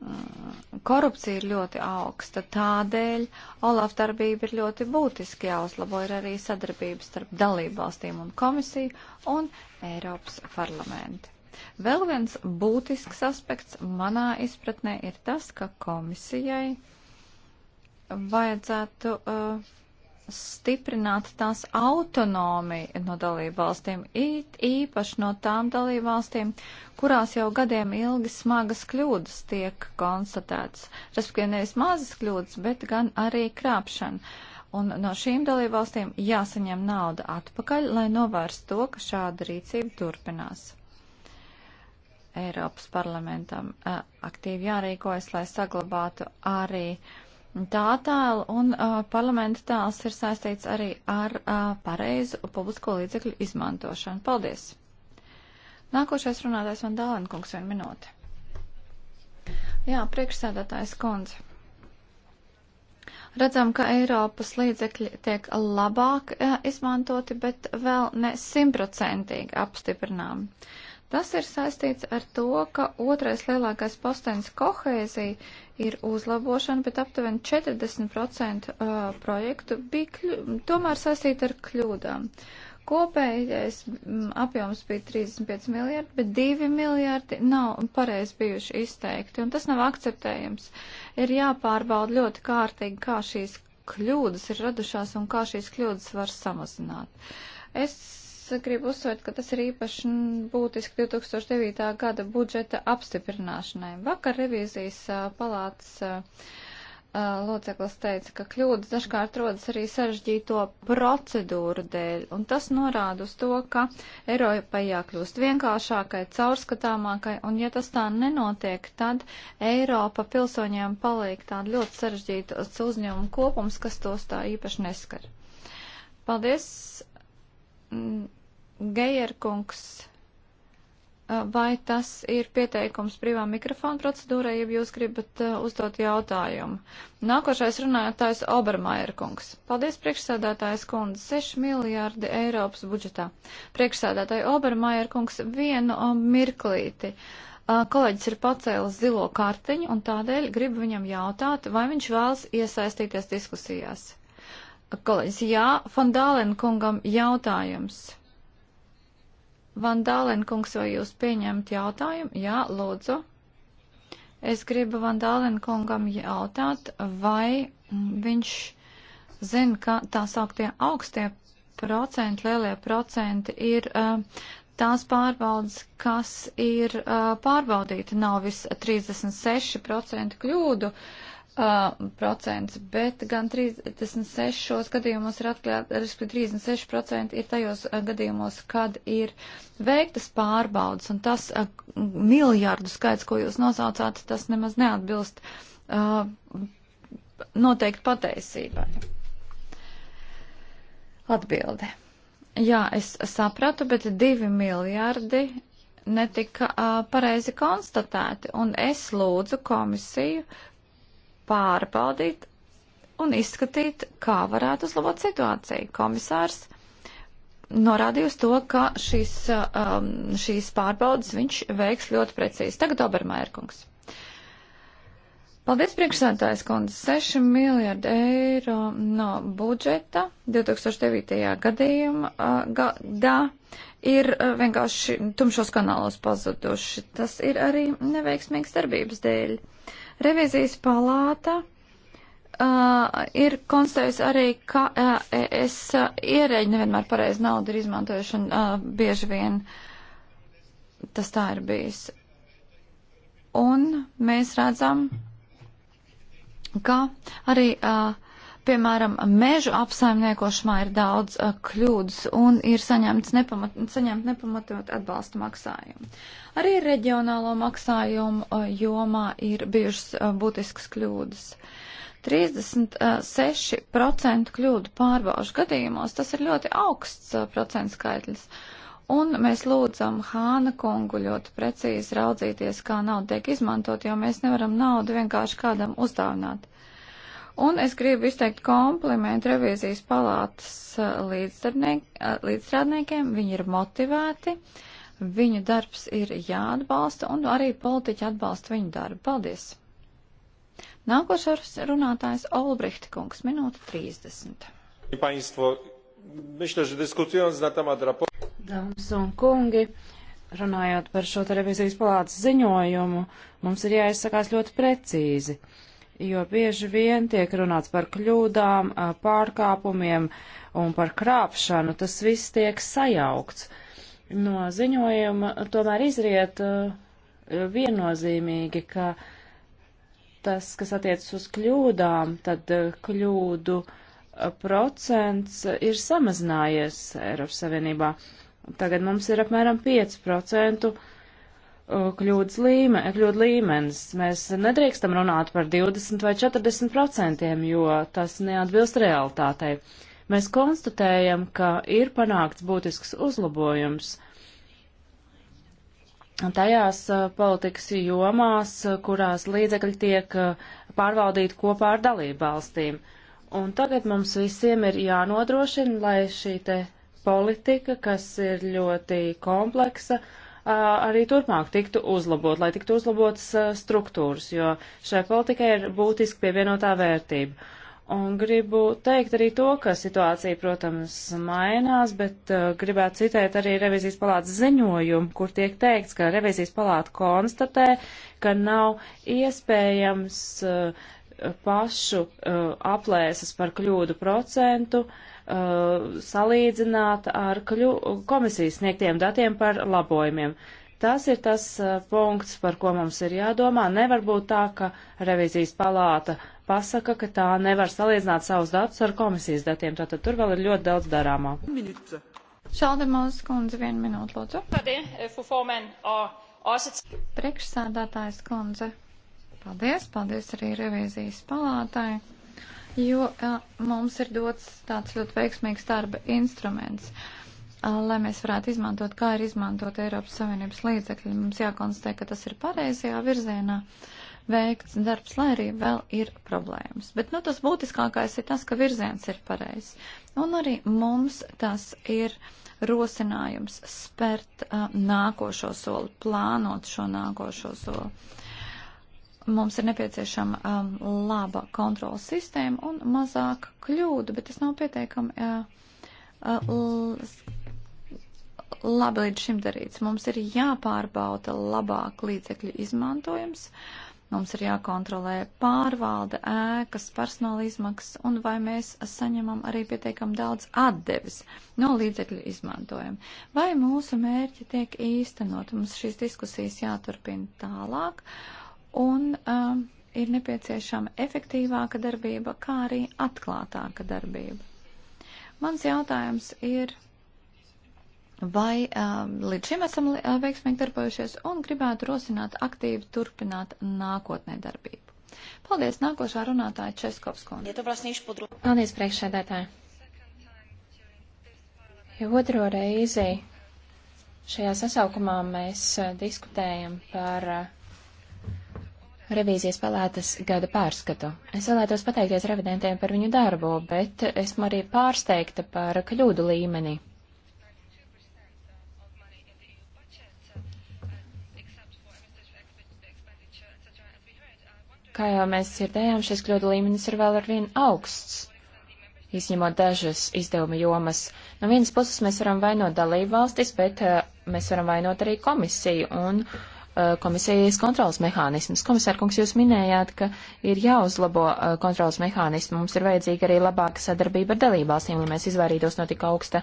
S1: mm, korupcija ir ļoti augsta. Tādēļ Olaf darbība ir ļoti būtiski jāuzlabo, ir arī sadarbības starp dalībvalstīm un komisiju un Eiropas parlamentu. Vēl viens būtisks aspekts manā izpratnē ir tas, ka komisijai vajadzētu uh, stiprināt tās autonomiju no dalībvalstīm, it īpaši no tām dalībvalstīm, kurās jau gadiem ilgi smagas kļūdas tiek konstatētas. Respektīvi nevis mazas kļūdas, bet gan arī krāpšana. Un no šīm dalībvalstīm jāsaņem nauda atpakaļ, lai novērstu to, ka šāda rīcība turpinās. Eiropas parlamentam uh, aktīvi jārīkojas, lai saglabātu arī uh, tā tēla un uh, parlamenta tēls ir saistīts arī ar uh, pareizu publisko līdzekļu izmantošanu. Paldies! Nākošais runātājs man Dālenkungs vienu minūti. Jā, priekšsēdētājs kundze redzam, ka Eiropas līdzekļi tiek labāk izmantoti, bet vēl ne simtprocentīgi apstiprinām. Tas ir saistīts ar to, ka otrais lielākais postenis kohēzija ir uzlabošana, bet aptuveni 40% projektu bija kļu, tomēr saistīti ar kļūdām. Kopējais apjoms bija 35 miljardi, bet 2 miljardi nav pareizi bijuši izteikti, un tas nav akceptējams. Ir jāpārbauda ļoti kārtīgi, kā šīs kļūdas ir radušās un kā šīs kļūdas var samazināt. Es gribu uzsvērt, ka tas ir īpaši būtiski 2009. gada budžeta apstiprināšanai. Vakar revīzijas palātas loceklis teica, ka kļūdas dažkārt rodas arī sarežģīto procedūru dēļ, un tas norāda uz to, ka Eiropai jākļūst vienkāršākai, caurskatāmākai, un ja tas tā nenotiek, tad Eiropa pilsoņiem paliek tāda ļoti sarežģīta uzņēmuma kopums, kas tos tā īpaši neskar. Paldies! Mm, Gejerkungs, vai tas ir pieteikums privā mikrofona procedūrai, ja jūs gribat uzdot jautājumu? Nākošais runātājs Obermajerkungs. Paldies, priekšsēdētājs kundze, 6 miljārdi Eiropas budžetā. Priekšsēdētāji Obermajerkungs vienu mirklīti. Uh, kolēģis ir pacēlis zilo kartiņu un tādēļ gribu viņam jautāt, vai viņš vēlas iesaistīties diskusijās kolēģis, jā, Fandālenkungam jautājums. Vandālenkungs, vai jūs pieņemt jautājumu? Jā, lūdzu. Es gribu Vandālenkungam jautāt, vai viņš zina, ka tā sauktie augstie procenti, lielie procenti ir uh, tās pārbaudas, kas ir uh, eh, pārbaudīti. Nav viss 36% kļūdu. Uh, procents, bet gan 36 gadījumos ir atklāti, respektīvi 36% ir tajos gadījumos, kad ir veiktas pārbaudas, un tas a, miljardu skaits, ko jūs nosaucāt, tas nemaz neatbilst a, noteikti pateisībai. Atbilde. Jā, es sapratu, bet divi miljardi netika uh, pareizi konstatēti, un es lūdzu komisiju pārbaudīt un izskatīt, kā varētu uzlabot situāciju. Komisārs norādīja uz to, ka šīs, um, šīs pārbaudas viņš veiks ļoti precīzi. Tagad Obermairkungs. Paldies, priekšsēdājas kundze. 6 miljārdi eiro no budžeta 2009. gadījumā uh, gadā ir uh, vienkārši tumšos kanālos pazuduši. Tas ir arī neveiksmīgas darbības dēļ. Uh, Revizijas palāta uh, ir konstatējusi arī, ka uh, es uh, ierēģi nevienmēr pareizi naudu ir izmantojuši un uh, bieži vien tas tā ir bijis. Un mēs redzam, ka arī uh, Piemēram, mežu apsaimniekošanā ir daudz uh, kļūdas un ir saņemts nepamat, saņemt nepamatot atbalsta maksājumu. Arī reģionālo maksājumu uh, jomā ir bijušas uh, būtiskas kļūdas. 36% kļūdu pārbaužu gadījumos, tas ir ļoti augsts uh, procentskaitlis. Un mēs lūdzam Hāna kungu ļoti precīzi raudzīties, kā nauda tiek izmantot, jo mēs nevaram naudu vienkārši kādam uzdāvināt. Un es gribu izteikt komplimentu revīzijas palātas uh, uh, līdzstrādniekiem. Viņi ir motivēti, viņu darbs ir jāatbalsta, un arī politiķi atbalsta viņu darbu. Paldies! Nākošais runātājs
S2: Olbrihti kungs, minūte 30. Dāmas un kungi, runājot par šo televīzijas palātas ziņojumu, mums ir jāizsakās ļoti precīzi. Uh, jo bieži vien tiek runāts par kļūdām, pārkāpumiem un par krāpšanu. Tas viss tiek sajaukts. No ziņojuma tomēr izriet viennozīmīgi, ka tas, kas attiecas uz kļūdām, tad kļūdu procents ir samazinājies Eiropas Savienībā. Tagad mums ir apmēram 5% Uh, kļūdas līme, kļūda līmenis. Mēs nedrīkstam runāt par 20 vai 40 procentiem, jo tas neatbilst realitātei. Mēs konstatējam, ka ir panākts būtisks uzlabojums tajās uh, politikas jomās, uh, kurās līdzekļi tiek pārvaldīti kopā ar dalību valstīm. Un tagad mums visiem ir jānodrošina, lai šī te politika, kas ir ļoti kompleksa, uh, arī turpmāk tiktu uzlabot, lai tiktu uzlabotas struktūras, jo šai politikai ir būtiski pievienotā vērtība. Un gribu teikt arī to, ka situācija, protams, mainās, bet uh, gribētu citēt arī revizijas palātas ziņojumu, kur tiek teikts, ka revizijas palāta konstatē, ka nav iespējams uh, pašu uh, aplēses par kļūdu procentu uh, uh, salīdzināta ar kļu, komisijas sniegtiem datiem par labojumiem. Tas ir tas uh, punkts, par ko mums ir jādomā. Nevar būt tā, ka revizijas palāta pasaka, ka tā nevar salīdzināt savus datus ar komisijas datiem. Tātad tur vēl ir ļoti daudz darāmā. Minūte. Šaldemāls kundze, vienu minūtu, lūdzu.
S3: Eh,
S1: Priekšsādātājs kundze, paldies, paldies arī revīzijas palātai jo mums ir dots tāds ļoti veiksmīgs darba instruments, lai mēs varētu izmantot, kā ir izmantot Eiropas Savienības līdzekļi. Mums jākonstatē, ka tas ir pareizajā virzienā veikts darbs, lai arī vēl ir problēmas. Bet, nu, tas būtiskākais ir tas, ka virziens ir pareizs. Un arī mums tas ir rosinājums spērt uh, nākošo soli, plānot šo nākošo soli. Mums ir nepieciešama um, laba kontrolas sistēma un mazāk kļūdu, bet tas nav pietiekami uh, uh labi līdz šim darīts. Mums ir jāpārbauda labāk līdzekļu izmantojums, mums ir jākontrolē pārvalde, ēkas, personāla izmaksas un vai mēs saņemam arī pietiekam daudz atdevis no līdzekļu izmantojuma. Vai mūsu mērķi tiek īstenot? Mums šīs diskusijas jāturpina tālāk. Uh, un um, ir nepieciešama efektīvāka darbība, kā arī atklātāka darbība. Mans jautājums ir, vai um, līdz šim esam uh, veiksmīgi darbojušies un gribētu rosināt aktīvi turpināt nākotnē darbību. Paldies, nākošā runātāja Českovs kundze.
S3: Ja tu prasnīšu pudru.
S1: Paldies, priekšsēdētāji. Ja otro
S3: reizi šajā sasaukumā mēs uh, diskutējam par uh, revīzijas palātas gada pārskatu. Es vēlētos pateikties revidentiem par viņu darbu, bet esmu arī pārsteigta par kļūdu līmeni. Kā jau mēs dzirdējām, šis kļūdu līmenis ir vēl arvien augsts, izņemot dažas izdevuma jomas. No vienas puses mēs varam vainot dalību valstis, bet eh, mēs varam vainot arī komisiju un uh, Uh, komisijas kontrolas mehānismus. Komisārkungs, jūs minējāt, ka ir jāuzlabo uh, kontrolas mehānismu, mums ir vajadzīga arī labāka sadarbība ar dalībvalstīm, lai mēs izvairītos no tik augsta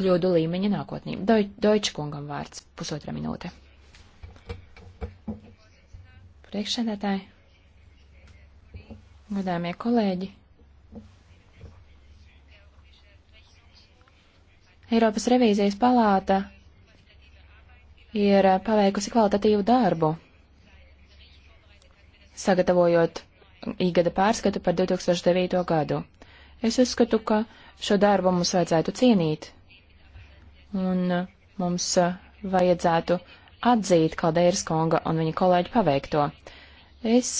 S3: kļūdu līmeņa nākotnī. Deutsche kungam vārds pusotra minūte. Priekšsēdētāji, godāmie kolēģi. Eiropas revīzijas palāta ir eh, paveikusi kvalitatīvu darbu, sagatavojot īgada pārskatu par 2009. gadu. Es uzskatu, ka šo darbu mums vajadzētu cienīt, un eh, mums eh, vajadzētu atzīt Kaldeiras konga un viņa kolēģi paveikto. Es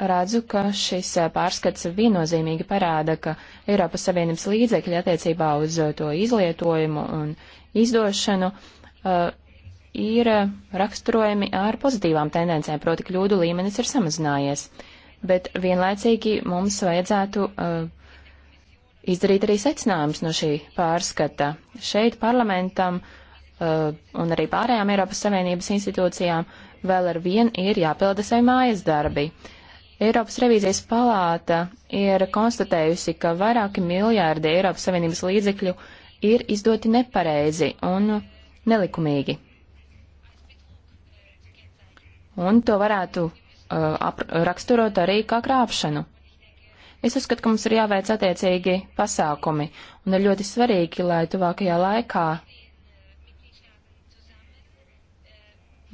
S3: redzu, ka šis pārskats viennozīmīgi parāda, ka Eiropas Savienības līdzekļi attiecībā uz to izlietojumu un izdošanu uh, ir raksturojami ar pozitīvām tendencēm, proti kļūdu līmenis ir samazinājies. Bet vienlaicīgi mums vajadzētu uh, izdarīt arī secinājumus no šī pārskata. Šeit parlamentam uh, un arī pārējām Eiropas Savienības institūcijām vēl ar vien ir jāpilda savi mājas darbi. Eiropas revīzijas palāta ir konstatējusi, ka vairāki miljārdi Eiropas Savienības līdzekļu ir izdoti nepareizi un nelikumīgi un to varētu uh, raksturot arī kā krāpšanu. Es uzskatu, ka mums ir jāveic attiecīgi pasākumi, un ir ļoti svarīgi, lai tuvākajā laikā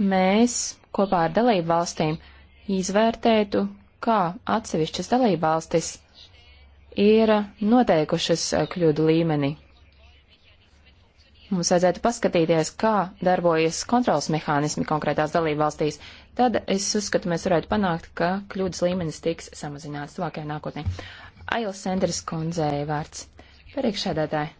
S3: mēs kopā ar dalību valstīm izvērtētu, kā atsevišķas dalību valstis ir noteikušas uh, kļūdu līmeni. Mums vajadzētu paskatīties, kā darbojas kontrols mehānismi konkrētās dalību valstīs, tad es uzskatu, mēs varētu panākt, ka kļūdas līmenis tiks samazināts tuvākajā nākotnē. Aila Sanders kundzei vārds. Priekšsēdētāji.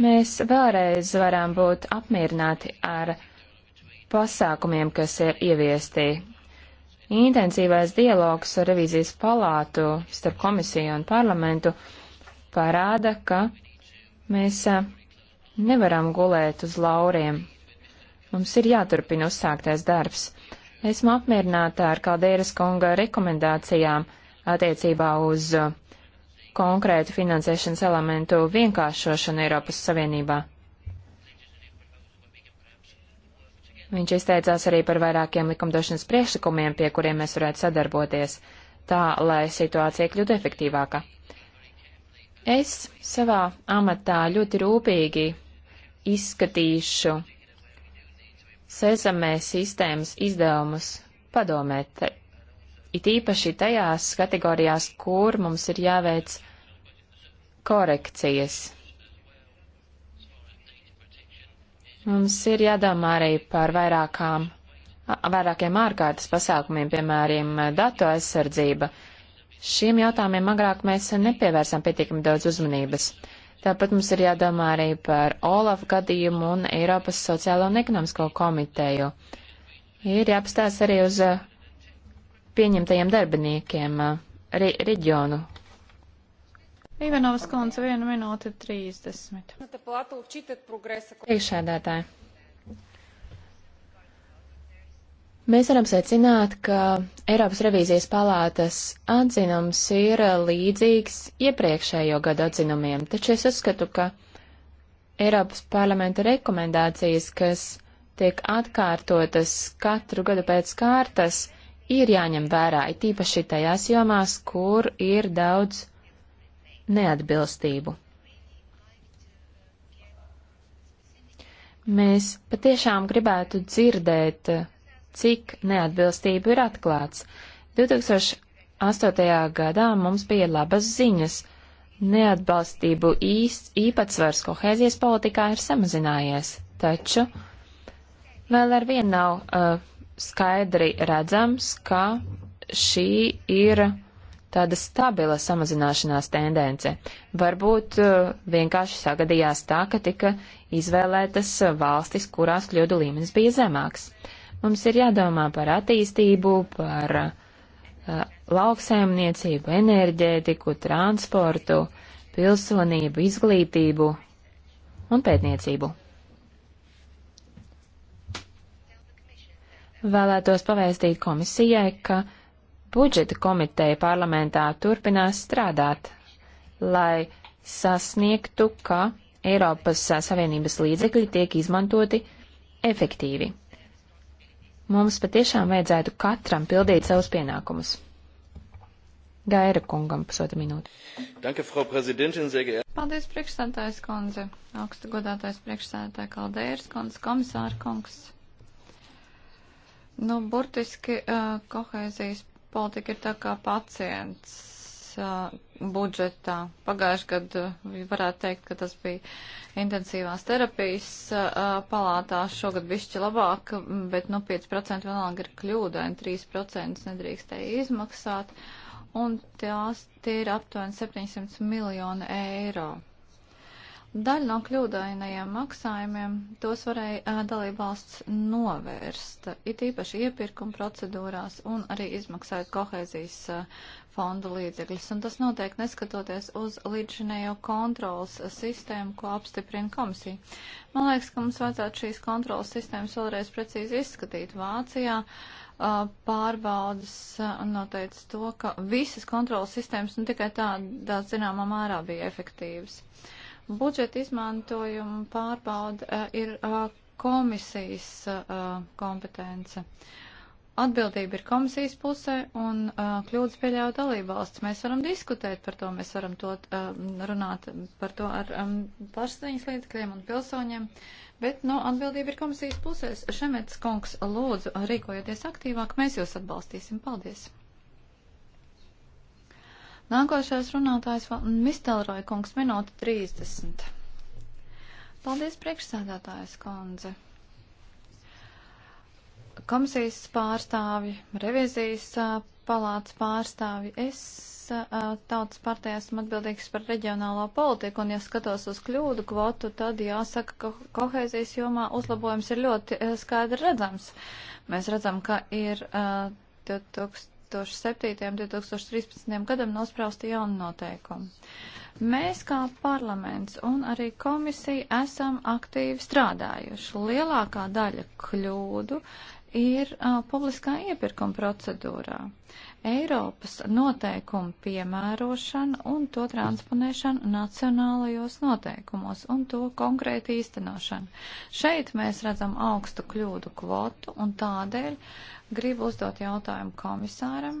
S3: Mēs vēlreiz varam būt apmierināti ar pasākumiem, kas ir ieviesti. Intensīvais dialogs ar revīzijas palātu starp komisiju un parlamentu parāda, ka mēs nevaram gulēt uz lauriem. Mums ir jāturpina uzsāktais darbs. Esmu apmierināta ar Kaldēras kunga rekomendācijām attiecībā uz uh, konkrētu finansēšanas elementu vienkāršošanu Eiropas Savienībā. Viņš izteicās arī par vairākiem likumdošanas priekšlikumiem, pie kuriem mēs varētu sadarboties, tā lai situācija kļūtu efektīvāka. Es savā amatā ļoti rūpīgi izskatīšu sezamē sistēmas izdevumus padomē, it īpaši tajās kategorijās, kur mums ir jāveic korekcijas. Mums ir jādomā arī par vairākām, vairākiem ārkārtas pasākumiem, piemēram, datu aizsardzība. Šiem jautājumiem agrāk mēs nepievērsām pietiekami daudz uzmanības. Tāpat mums ir jādomā arī par Olaf gadījumu un Eiropas sociālo un ekonomisko komiteju. Ir jāpastāsta arī uz eh, pieņemtajiem darbiniekiem eh, re, reģionu.
S1: Ivanovas kundze, viena minūte 30. Priekšēdētāji.
S3: Mēs varam secināt, ka Eiropas revīzijas palātas atzinums ir līdzīgs iepriekšējo gadu atzinumiem, taču es uzskatu, ka Eiropas parlamenta rekomendācijas, kas tiek atkārtotas katru gadu pēc kārtas, ir jāņem vērā, it īpaši tajās jomās, kur ir daudz neatbilstību. Mēs patiešām gribētu dzirdēt cik neatbilstību ir atklāts. 2008. gadā mums bija labas ziņas. Neatbalstību īsts īpatsvars kohēzijas politikā ir samazinājies, taču vēl ar vienu nav uh, skaidri redzams, ka šī ir tāda stabila samazināšanās tendence. Varbūt uh, vienkārši sagadījās tā, ka tika izvēlētas uh, valstis, kurās kļūdu līmenis bija zemāks. Uh, Mums ir jādomā par attīstību, par uh, lauksaimniecību, enerģētiku, transportu, pilsonību, izglītību un pētniecību. Vēlētos pavēstīt komisijai, ka budžeta komiteja parlamentā turpinās strādāt, lai sasniegtu, ka Eiropas Savienības līdzekļi tiek izmantoti efektīvi. Mums patiešām vajadzētu katram pildīt savus pienākumus. Gaira kungam pusotra minūte.
S2: Danke, Frau Präsidentin, sehr geehrte.
S1: Paldies, priekšsēdētājs kundze, augstu godātais priekšsēdētāja Kaldēras kundze, komisāra kungs. Nu, burtiski uh, kohēzijas politika ir tā kā pacients uh, budžetā. Pagājuši gadu varētu teikt, ka tas bija intensīvās terapijas uh, palātā, šogad višķi labāk, bet nu 5% vienalga ir kļūdaini, 3% nedrīkstēja izmaksāt, un tās, tie ir aptuveni 700 miljoni eiro. Daļa no kļūdainajiem maksājumiem tos varēja dalībvalsts novērst, it īpaši iepirkuma procedūrās un arī izmaksājot kohēzijas fondu līdzekļus. Un tas notiek neskatoties uz līdzinējo kontrolas sistēmu, ko apstiprina komisija. Man liekas, ka mums vajadzētu šīs kontrolas sistēmas vēlreiz precīzi izskatīt Vācijā. Pārbaudas noteica to, ka visas kontrolas sistēmas nu, tikai tādā zināmā mērā bija efektīvas. Uh, Budžeta izmantojuma pārbauda eh, ir eh, komisijas eh, kompetence. Atbildība ir komisijas pusē un uh, kļūdas pieļauj dalībvalsts. Mēs varam diskutēt par to, mēs varam to uh, runāt par to ar um, plašsaziņas līdzekļiem un pilsoņiem, bet, nu, atbildība ir komisijas pusēs. Šemets kungs, lūdzu, rīkojieties aktīvāk, mēs jūs atbalstīsim. Paldies! Nākošais runātājs Mistelroja kungs, minūte 30. Paldies, priekšsēdētājas kundze. Komisijas pārstāvi, revizijas palātas pārstāvi, es tautas partijā esmu atbildīgs par reģionālo politiku, un ja skatos uz kļūdu kvotu, tad jāsaka, ka kohēzijas jomā uzlabojums ir ļoti skaidri redzams. Mēs redzam, ka ir 2000. 2007. un 2013. gadam nosprausti jauni noteikumi. Mēs kā parlaments un arī komisija esam aktīvi strādājuši. Lielākā daļa kļūdu ir uh, publiskā iepirkuma procedūrā. Eiropas noteikumu piemērošana un to transponēšana nacionālajos noteikumos un to konkrēti īstenošana. Šeit mēs redzam augstu kļūdu kvotu un tādēļ gribu uzdot jautājumu komisāram,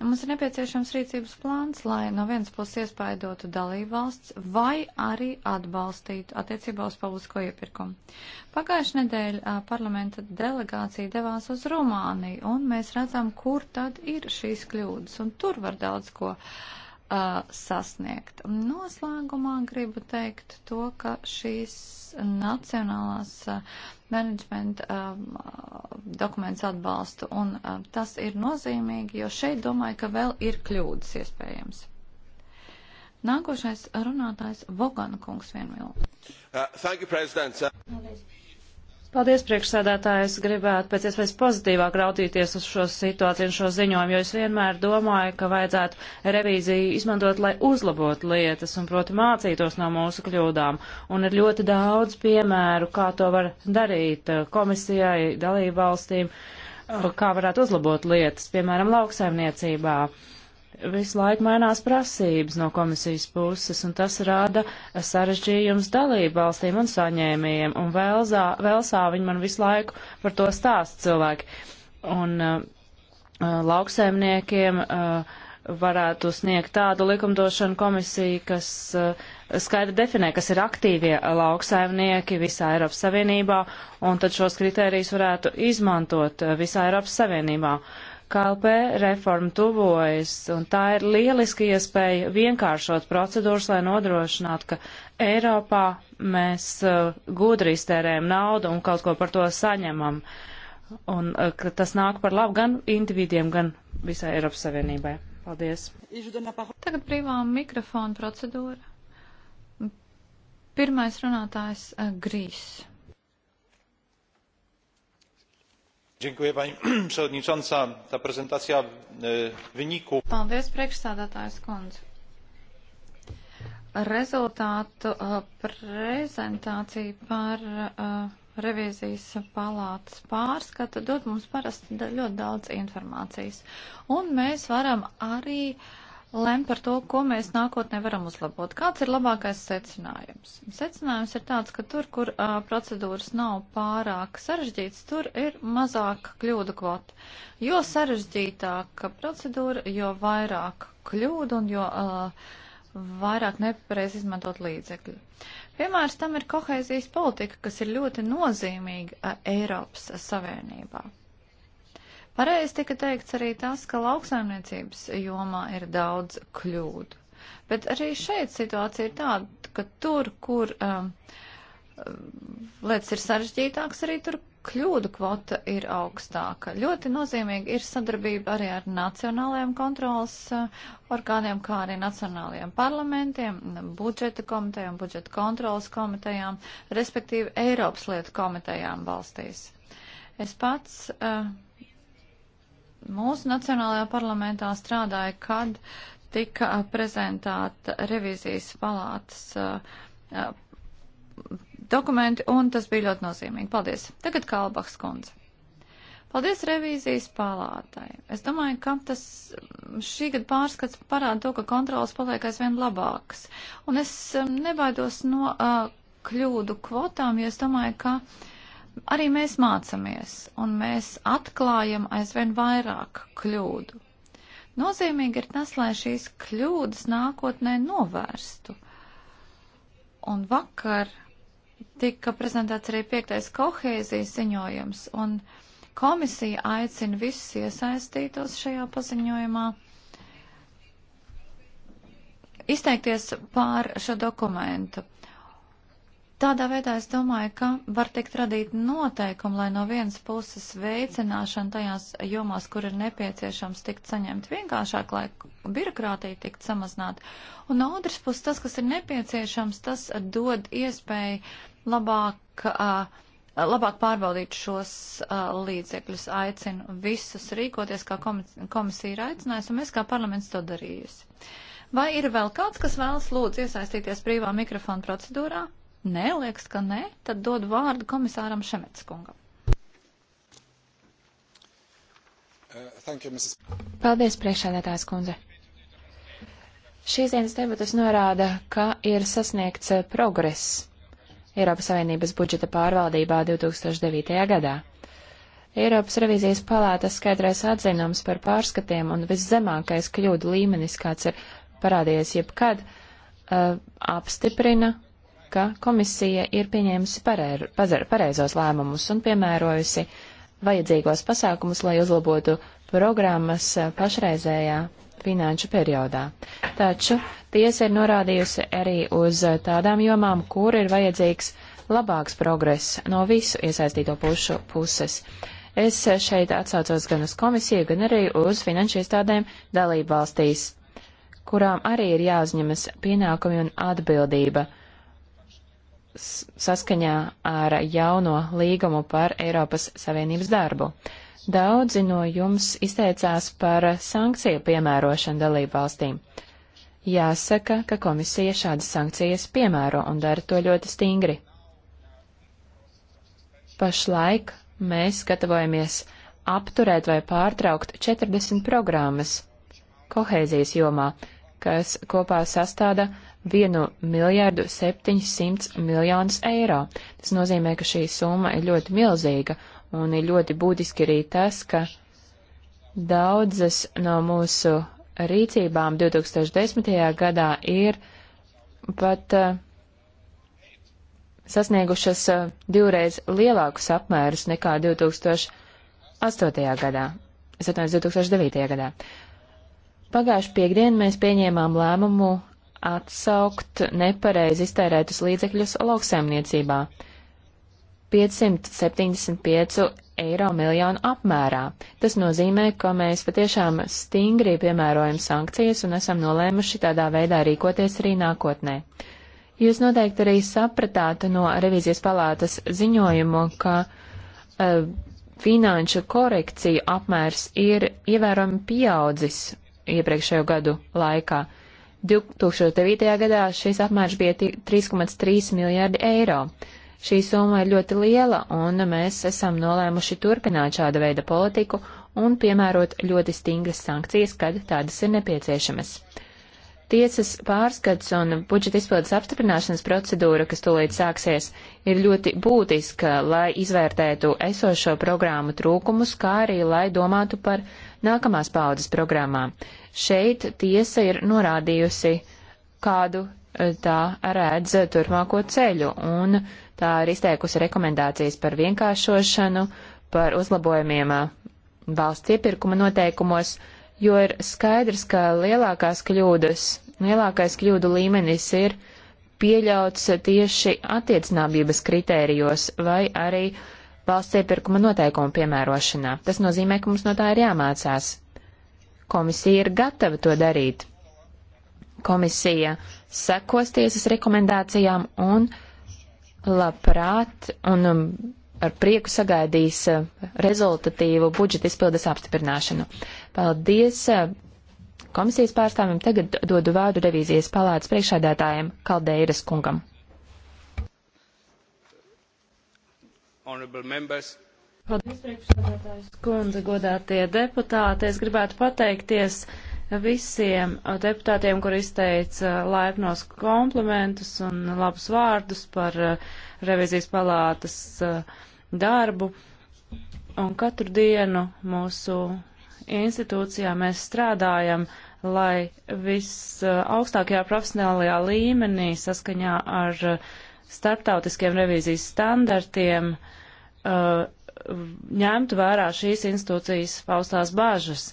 S1: Mums ir nepieciešams rīcības plāns, lai no vienas puses iespaidotu dalībvalsts vai arī atbalstītu attiecībā uz publisko iepirkumu. Pagājušajā nedēļā parlamenta delegācija devās uz Rumāniju, un mēs redzam, kur tad ir šīs kļūdas, un tur var daudz ko uh, uh, sasniegt. Noslēgumā gribu teikt to, ka šīs nacionālās uh, menedžmenta uh, dokuments atbalstu, un uh, tas ir nozīmīgi, jo šeit domāju, ka vēl ir kļūdas iespējams. Nākošais runātājs Vogana
S2: kungs vienmēl. Uh, thank you, President. Paldies. Paldies, priekšsēdētāji. Es gribētu pēc iespējas pozitīvāk raudīties uz šo situāciju un šo ziņojumu, jo es vienmēr domāju, ka vajadzētu revīziju izmantot, lai uzlabotu lietas un, proti, mācītos no mūsu kļūdām. Un ir ļoti daudz piemēru, kā to var darīt komisijai, dalību valstīm, kā varētu uzlabot lietas, piemēram, lauksaimniecībā. Uh, visu laiku mainās prasības no komisijas puses, un tas rada sarežģījums dalību valstīm un saņēmējiem, un Velsā, Velsā viņi man visu laiku par to stāsta cilvēki. Un uh, uh lauksēmniekiem uh, varētu sniegt tādu likumdošanu komisiju, kas uh, skaidri definē, kas ir aktīvie lauksaimnieki visā Eiropas Savienībā, un tad šos kritērijus varētu izmantot uh, visā Eiropas Savienībā. Uh, KLP reforma tuvojas, un tā ir lieliska iespēja vienkāršot procedūras, lai nodrošinātu, ka Eiropā mēs uh, gudri iztērējam naudu un kaut ko par to saņemam, un uh, ka tas nāk par labu gan individiem, gan visai Eiropas Savienībai. Paldies.
S1: Tagad brīvā mikrofona procedūra. Pirmais runātājs uh, Grīs.
S3: pani przewodnicząca! ta prezentacja e, wyników.
S1: paldies priekšsēdētājas kundze. rezultātu e, prezentācija par e, revīzijas palātas pārskatu dod mums parasti ļoti daudz informācijas. un mēs varam arī uh, lem par to, ko mēs nākotnē varam uzlabot. Kāds ir labākais secinājums? Secinājums ir tāds, ka tur, kur uh, procedūras nav pārāk sarežģītas, tur ir mazāk kļūdu kvota. Jo sarežģītāka procedūra, jo vairāk kļūdu un jo uh, vairāk nepareiz izmantot līdzekļu. Piemērs tam ir kohēzijas politika, kas ir ļoti nozīmīga uh, Eiropas Savienībā. Pareizi tika teikts arī tas, ka lauksaimniecības jomā ir daudz kļūdu. Bet arī šeit situācija ir tāda, ka tur, kur um, lietas ir sarežģītākas, arī tur kļūdu kvota ir augstāka. Ļoti nozīmīgi ir sadarbība arī ar nacionālajiem kontrolas uh, orgāniem, kā arī nacionālajiem parlamentiem, budžeta komitejām, budžeta kontrolas komitejām, respektīvi Eiropas lietu komitejām valstīs. Es pats uh, mūsu nacionālajā parlamentā strādāja, kad tika uh, prezentēta revizijas palātas uh, uh, dokumenti, un tas bija ļoti nozīmīgi. Paldies. Tagad Kalbaks kundze. Paldies revīzijas palātai. Es domāju, ka tas mm, šī gada pārskats parāda to, ka kontrols paliek aizvien labāks. Un es mm, nebaidos no uh, kļūdu kvotām, jo es domāju, ka uh, Arī mēs mācāmies, un mēs atklājam aizvien vairāk kļūdu. Nozīmīgi ir tas, lai šīs kļūdas nākotnē novērstu. Un vakar tika prezentēts arī piektais kohēzijas ziņojums, un komisija aicina visus iesaistītos šajā paziņojumā izteikties pār šo dokumentu. Tādā veidā es domāju, ka var tikt radīt noteikumi, lai no vienas puses veicināšana tajās jomās, kur ir nepieciešams tikt saņemt vienkāršāk, lai birokrātija tikt samazināt. Un no otras puses, tas, kas ir nepieciešams, tas dod iespēju labāk, labāk pārbaudīt šos līdzekļus. Aicinu visus rīkoties, kā komisija ir aicinājusi, un mēs kā parlaments to darījusi. Vai ir vēl kāds, kas vēlas lūdzu iesaistīties brīvā mikrofona procedūrā? Nē, liekas, ka nē. Tad dod vārdu komisāram Šemetskungam.
S2: Uh, you, Mrs.
S1: Paldies, priekšādātājs
S3: kundze. Šīs dienas debatas norāda, ka ir sasniegts uh, progress Eiropas Savienības budžeta pārvaldībā 2009. gadā. Eiropas revīzijas palātas skaidrais atzinums par pārskatiem un viszemākais kļūdu līmenis, kāds ir parādījies jebkad, uh, apstiprina ka komisija ir pieņēmusi pareiru, pazar, pareizos lēmumus un piemērojusi vajadzīgos pasākumus, lai uzlabotu programmas pašreizējā finanšu periodā. Taču tiesa ir norādījusi arī uz tādām jomām, kur ir vajadzīgs labāks progress no visu iesaistīto pušu puses. Es šeit atsaucos gan uz komisiju, gan arī uz finanšu iestādēm dalību valstīs, kurām arī ir jāuzņemas pienākumi un atbildība saskaņā ar jauno līgumu par Eiropas Savienības darbu. Daudzi no jums izteicās par sankciju piemērošanu dalību valstīm. Jāsaka, ka komisija šādas sankcijas piemēro un dara to ļoti stingri. Pašlaik mēs gatavojamies apturēt vai pārtraukt 40 programmas kohēzijas jomā, kas kopā sastāda 1 miljārdu 700 miljonus eiro. Tas nozīmē, ka šī summa ir ļoti milzīga un ir ļoti būtiski arī tas, ka daudzas no mūsu rīcībām 2010. gadā ir pat uh, sasniegušas uh, divreiz lielākus apmērus nekā 2008. gadā, es atvainojos, 2009. gadā. Pagājuši piekdien mēs pieņēmām lēmumu atsaukt nepareizi iztērētus līdzekļus lauksaimniecībā 575 eiro miljonu apmērā. Tas nozīmē, ka mēs patiešām stingri piemērojam sankcijas un esam nolēmuši tādā veidā rīkoties arī nākotnē. Jūs noteikti arī sapratāt no revīzijas palātas ziņojumu, ka uh, finanšu korekciju apmērs ir ievērojami pieaudzis iepriekšējo gadu laikā. Uh, 2009. gadā šis apmērs bija 3,3 miljardi eiro. Šī summa ir ļoti liela, un mēs esam nolēmuši turpināt šāda veida politiku un piemērot ļoti stingras sankcijas, kad tādas ir nepieciešamas. Tiesas pārskats un budžeta izpildes apstiprināšanas procedūra, kas tūlīt sāksies, ir ļoti būtiska, lai izvērtētu esošo programmu trūkumus, kā arī lai domātu par nākamās paudzes programmā. Šeit tiesa ir norādījusi, kādu eh, tā redz turpmāko ceļu, un tā ir izteikusi rekomendācijas par vienkāršošanu, par uzlabojumiem eh, valsts iepirkuma noteikumos, jo ir skaidrs, ka lielākās kļūdas, lielākais kļūdu līmenis ir pieļauts tieši attiecinābības kritērijos vai arī uh, valsts iepirkuma noteikumu piemērošanā. Tas nozīmē, ka mums no tā ir jāmācās. Komisija ir gatava to darīt. Komisija sekos tiesas rekomendācijām un labprāt un um, ar prieku sagaidīs uh, rezultatīvu budžeta izpildes apstiprināšanu. Paldies uh, komisijas pārstāvim. Tagad dodu vārdu revīzijas palātas priekšādātājiem Kaldeiras kungam.
S2: Paldies, priekšsēdētājs kundze, godātie deputāti. Es gribētu pateikties visiem deputātiem, kur izteica laipnos komplementus un labus vārdus par eh, revizijas palātas eh, darbu. Un katru dienu mūsu institūcijā mēs strādājam, lai visaugstākajā eh, profesionālajā līmenī saskaņā ar starptautiskiem revīzijas standartiem uh, ņemtu vērā šīs institūcijas paustās bāžas.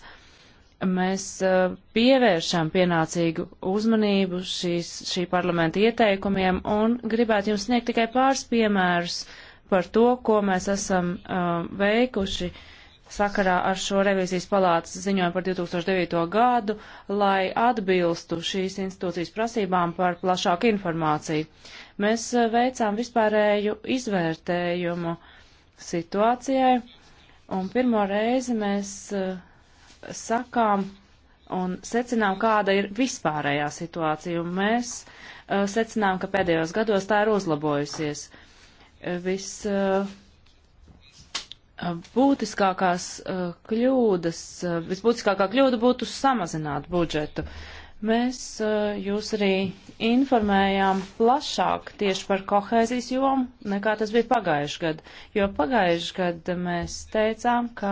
S2: Mēs uh, pievēršam pienācīgu uzmanību šīs, šī parlamenta ieteikumiem un gribētu jums sniegt tikai pāris piemērus par to, ko mēs esam uh, veikuši sakarā ar šo revīzijas palātas ziņojumu par 2009. gadu, lai atbilstu šīs institūcijas prasībām par plašāku informāciju. Mēs eh, veicām vispārēju izvērtējumu situācijai, un pirmo reizi mēs eh, sakām un secinām, kāda ir vispārējā situācija, un mēs eh, secinām, ka pēdējos gados tā ir uzlabojusies. Viss būtiskākās kļūdas, visbūtiskākā kļūda būtu samazināt budžetu, Mēs eh, jūs arī informējām plašāk tieši par kohēzijas jomu nekā tas bija pagājuši gadu, jo pagājuši gadu mēs teicām, ka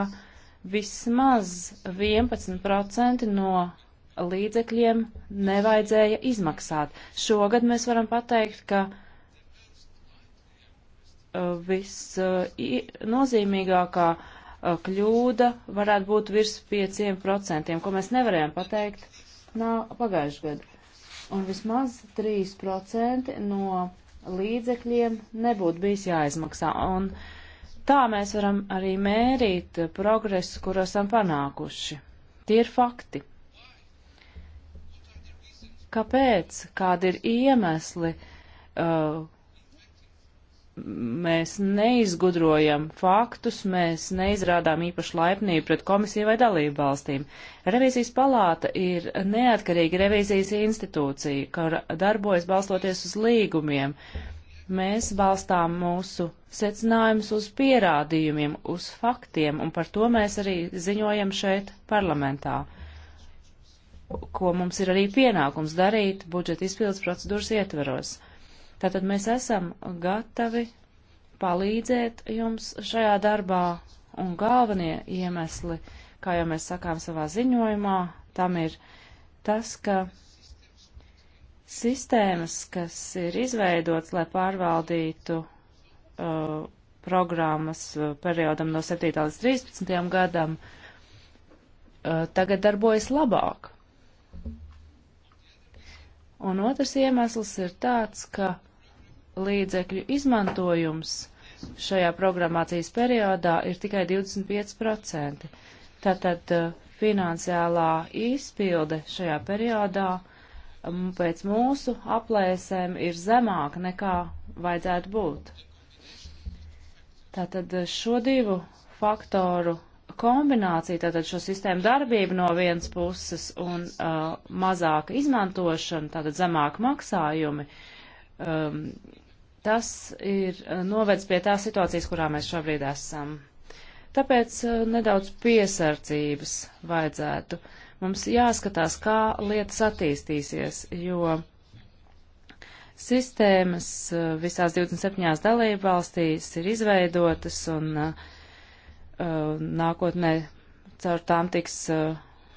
S2: vismaz 11% no līdzekļiem nevajadzēja izmaksāt. Šogad mēs varam pateikt, ka eh, viss nozīmīgākā eh, kļūda varētu būt virs 5%, ko mēs nevarējām pateikt pagājušajā gadā. Un vismaz 3% no līdzekļiem nebūtu bijis jāizmaksā. Un tā mēs varam arī mērīt progresu, kuru esam panākuši. Tie ir fakti. Kāpēc? Kādi ir iemesli? Uh, mēs neizgudrojam faktus, mēs neizrādām īpašu laipnību pret komisiju vai dalību valstīm. Revīzijas palāta ir neatkarīga revīzijas institūcija, ka darbojas balstoties uz līgumiem. Mēs balstām mūsu secinājumus uz pierādījumiem, uz faktiem, un par to mēs arī ziņojam šeit parlamentā, ko mums ir arī pienākums darīt budžeta izpildes procedūras ietveros. Tātad mēs esam gatavi palīdzēt jums šajā darbā un galvenie iemesli, kā jau mēs sakām savā ziņojumā, tam ir tas, ka sistēmas, kas ir izveidotas, lai pārvaldītu uh, programmas uh, periodam no 7. līdz 13. gadam, uh, tagad darbojas labāk. Un otrs iemesls ir tāds, ka līdzekļu izmantojums šajā programmācijas periodā ir tikai 25%. Tātad eh, finansiālā izpilde šajā periodā pēc mūsu aplēsēm ir zemāka nekā vajadzētu būt. Tātad eh, šo divu faktoru kombinācija, tātad šo sistēmu darbību no vienas puses un uh, mazāka izmantošana, tātad zemāka maksājumi, um, Tas ir eh, novedis pie tās situācijas, kurā mēs šobrīd esam. Tāpēc eh, nedaudz piesardzības vajadzētu. Mums jāskatās, kā lietas attīstīsies, jo sistēmas eh, visās 27 dalību valstīs ir izveidotas un uh, nākotnē caur tām tiks uh,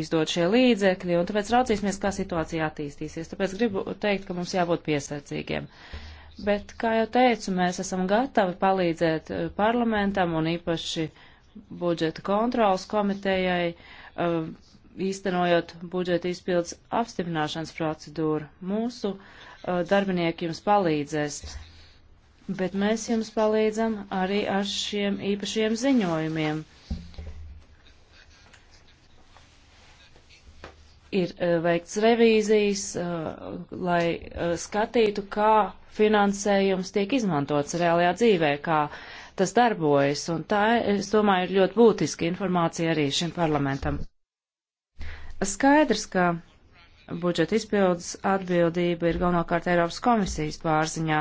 S2: izdot šie līdzekļi, un tāpēc raucīsimies, kā situācija attīstīsies. Tāpēc gribu teikt, ka mums jābūt piesardzīgiem. Uh, Bet, kā jau teicu, mēs esam gatavi palīdzēt eh, parlamentam un īpaši budžeta kontrolas komitejai, eh, īstenojot budžeta izpildes apstiprināšanas procedūru. Mūsu eh, darbinieki jums palīdzēs, bet mēs jums palīdzam arī ar šiem īpašiem ziņojumiem ir eh, veikts revīzijas, eh, lai eh, skatītu, kā finansējums tiek izmantots reālajā dzīvē, kā tas darbojas. Un tā, es domāju, ir ļoti būtiska informācija arī šim parlamentam. Skaidrs, ka budžeta izpildes atbildība ir galvenokārt Eiropas komisijas pārziņā,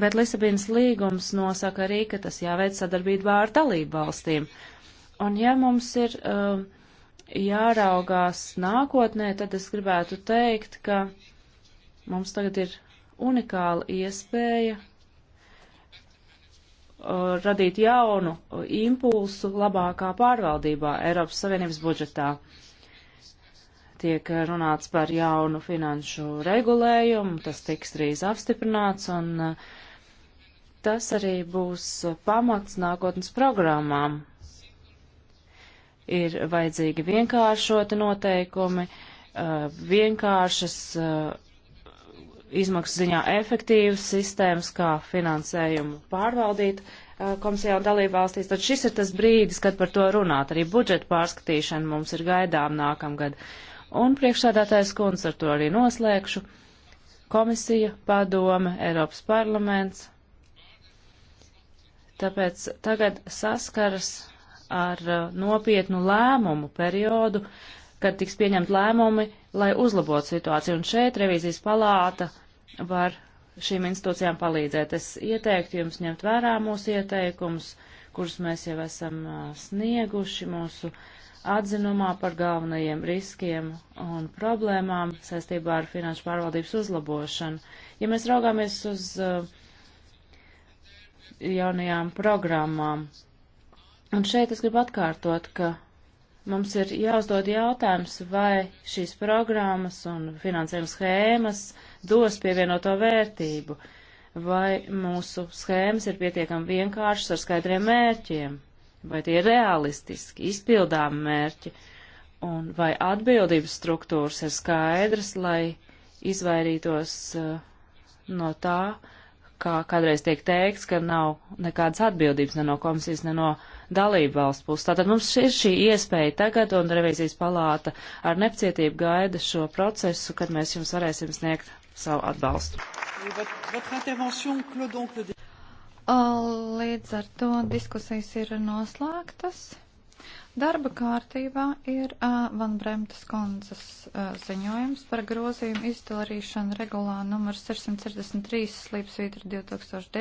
S2: bet Lisabinas līgums nosaka arī, ka tas jāveic sadarbībā ar dalību valstīm. Un ja mums ir uh, jāraugās nākotnē, tad es gribētu teikt, ka mums tagad ir unikāla iespēja radīt jaunu impulsu labākā pārvaldībā Eiropas Savienības budžetā. Tiek runāts par jaunu finanšu regulējumu, tas tiks drīz apstiprināts, un e, tas arī būs pamats nākotnes programmām, Ir vajadzīgi vienkāršoti noteikumi, eh, vienkāršas eh, izmaksu ziņā efektīvas sistēmas, kā finansējumu pārvaldīt eh, komisijā un dalību valstīs, tad šis ir tas brīdis, kad par to runāt. Arī budžeta pārskatīšana mums ir gaidām nākamgad. Un priekšsādātais kundze ar to arī noslēgšu. Komisija, padome, Eiropas parlaments. Tāpēc tagad saskaras ar eh, nopietnu lēmumu periodu, kad tiks pieņemt lēmumi, lai uzlabotu situāciju. Un šeit revīzijas palāta var šīm institūcijām palīdzēt. Es ieteiktu jums ņemt vērā mūsu ieteikumus, kurus mēs jau esam eh, snieguši mūsu atzinumā par galvenajiem riskiem un problēmām saistībā ar finanšu pārvaldības uzlabošanu. Ja mēs raugāmies uz eh, jaunajām programmām, Un šeit es gribu atkārtot, ka mums ir jāuzdod jautājums, vai šīs programmas un finansējuma schēmas dos pievienoto vērtību, vai mūsu schēmas ir pietiekami vienkāršas ar skaidriem mērķiem, vai tie ir realistiski, izpildāmi mērķi, un vai atbildības struktūras ir skaidras, lai izvairītos uh, no tā, uh, kā kādreiz tiek teikts, ka nav nekādas atbildības ne no komisijas, ne no dalību valsts puses. Tātad mums ir šī iespēja tagad, un revizijas palāta ar nepacietību gaida šo procesu, kad mēs jums varēsim sniegt savu atbalstu.
S1: Līdz ar to diskusijas ir noslēgtas. Darba kārtībā ir uh, Van Bremtas kundzes uh, ziņojums par grozījumu izdarīšanu regulā numur 663 slīpsvītra 2009.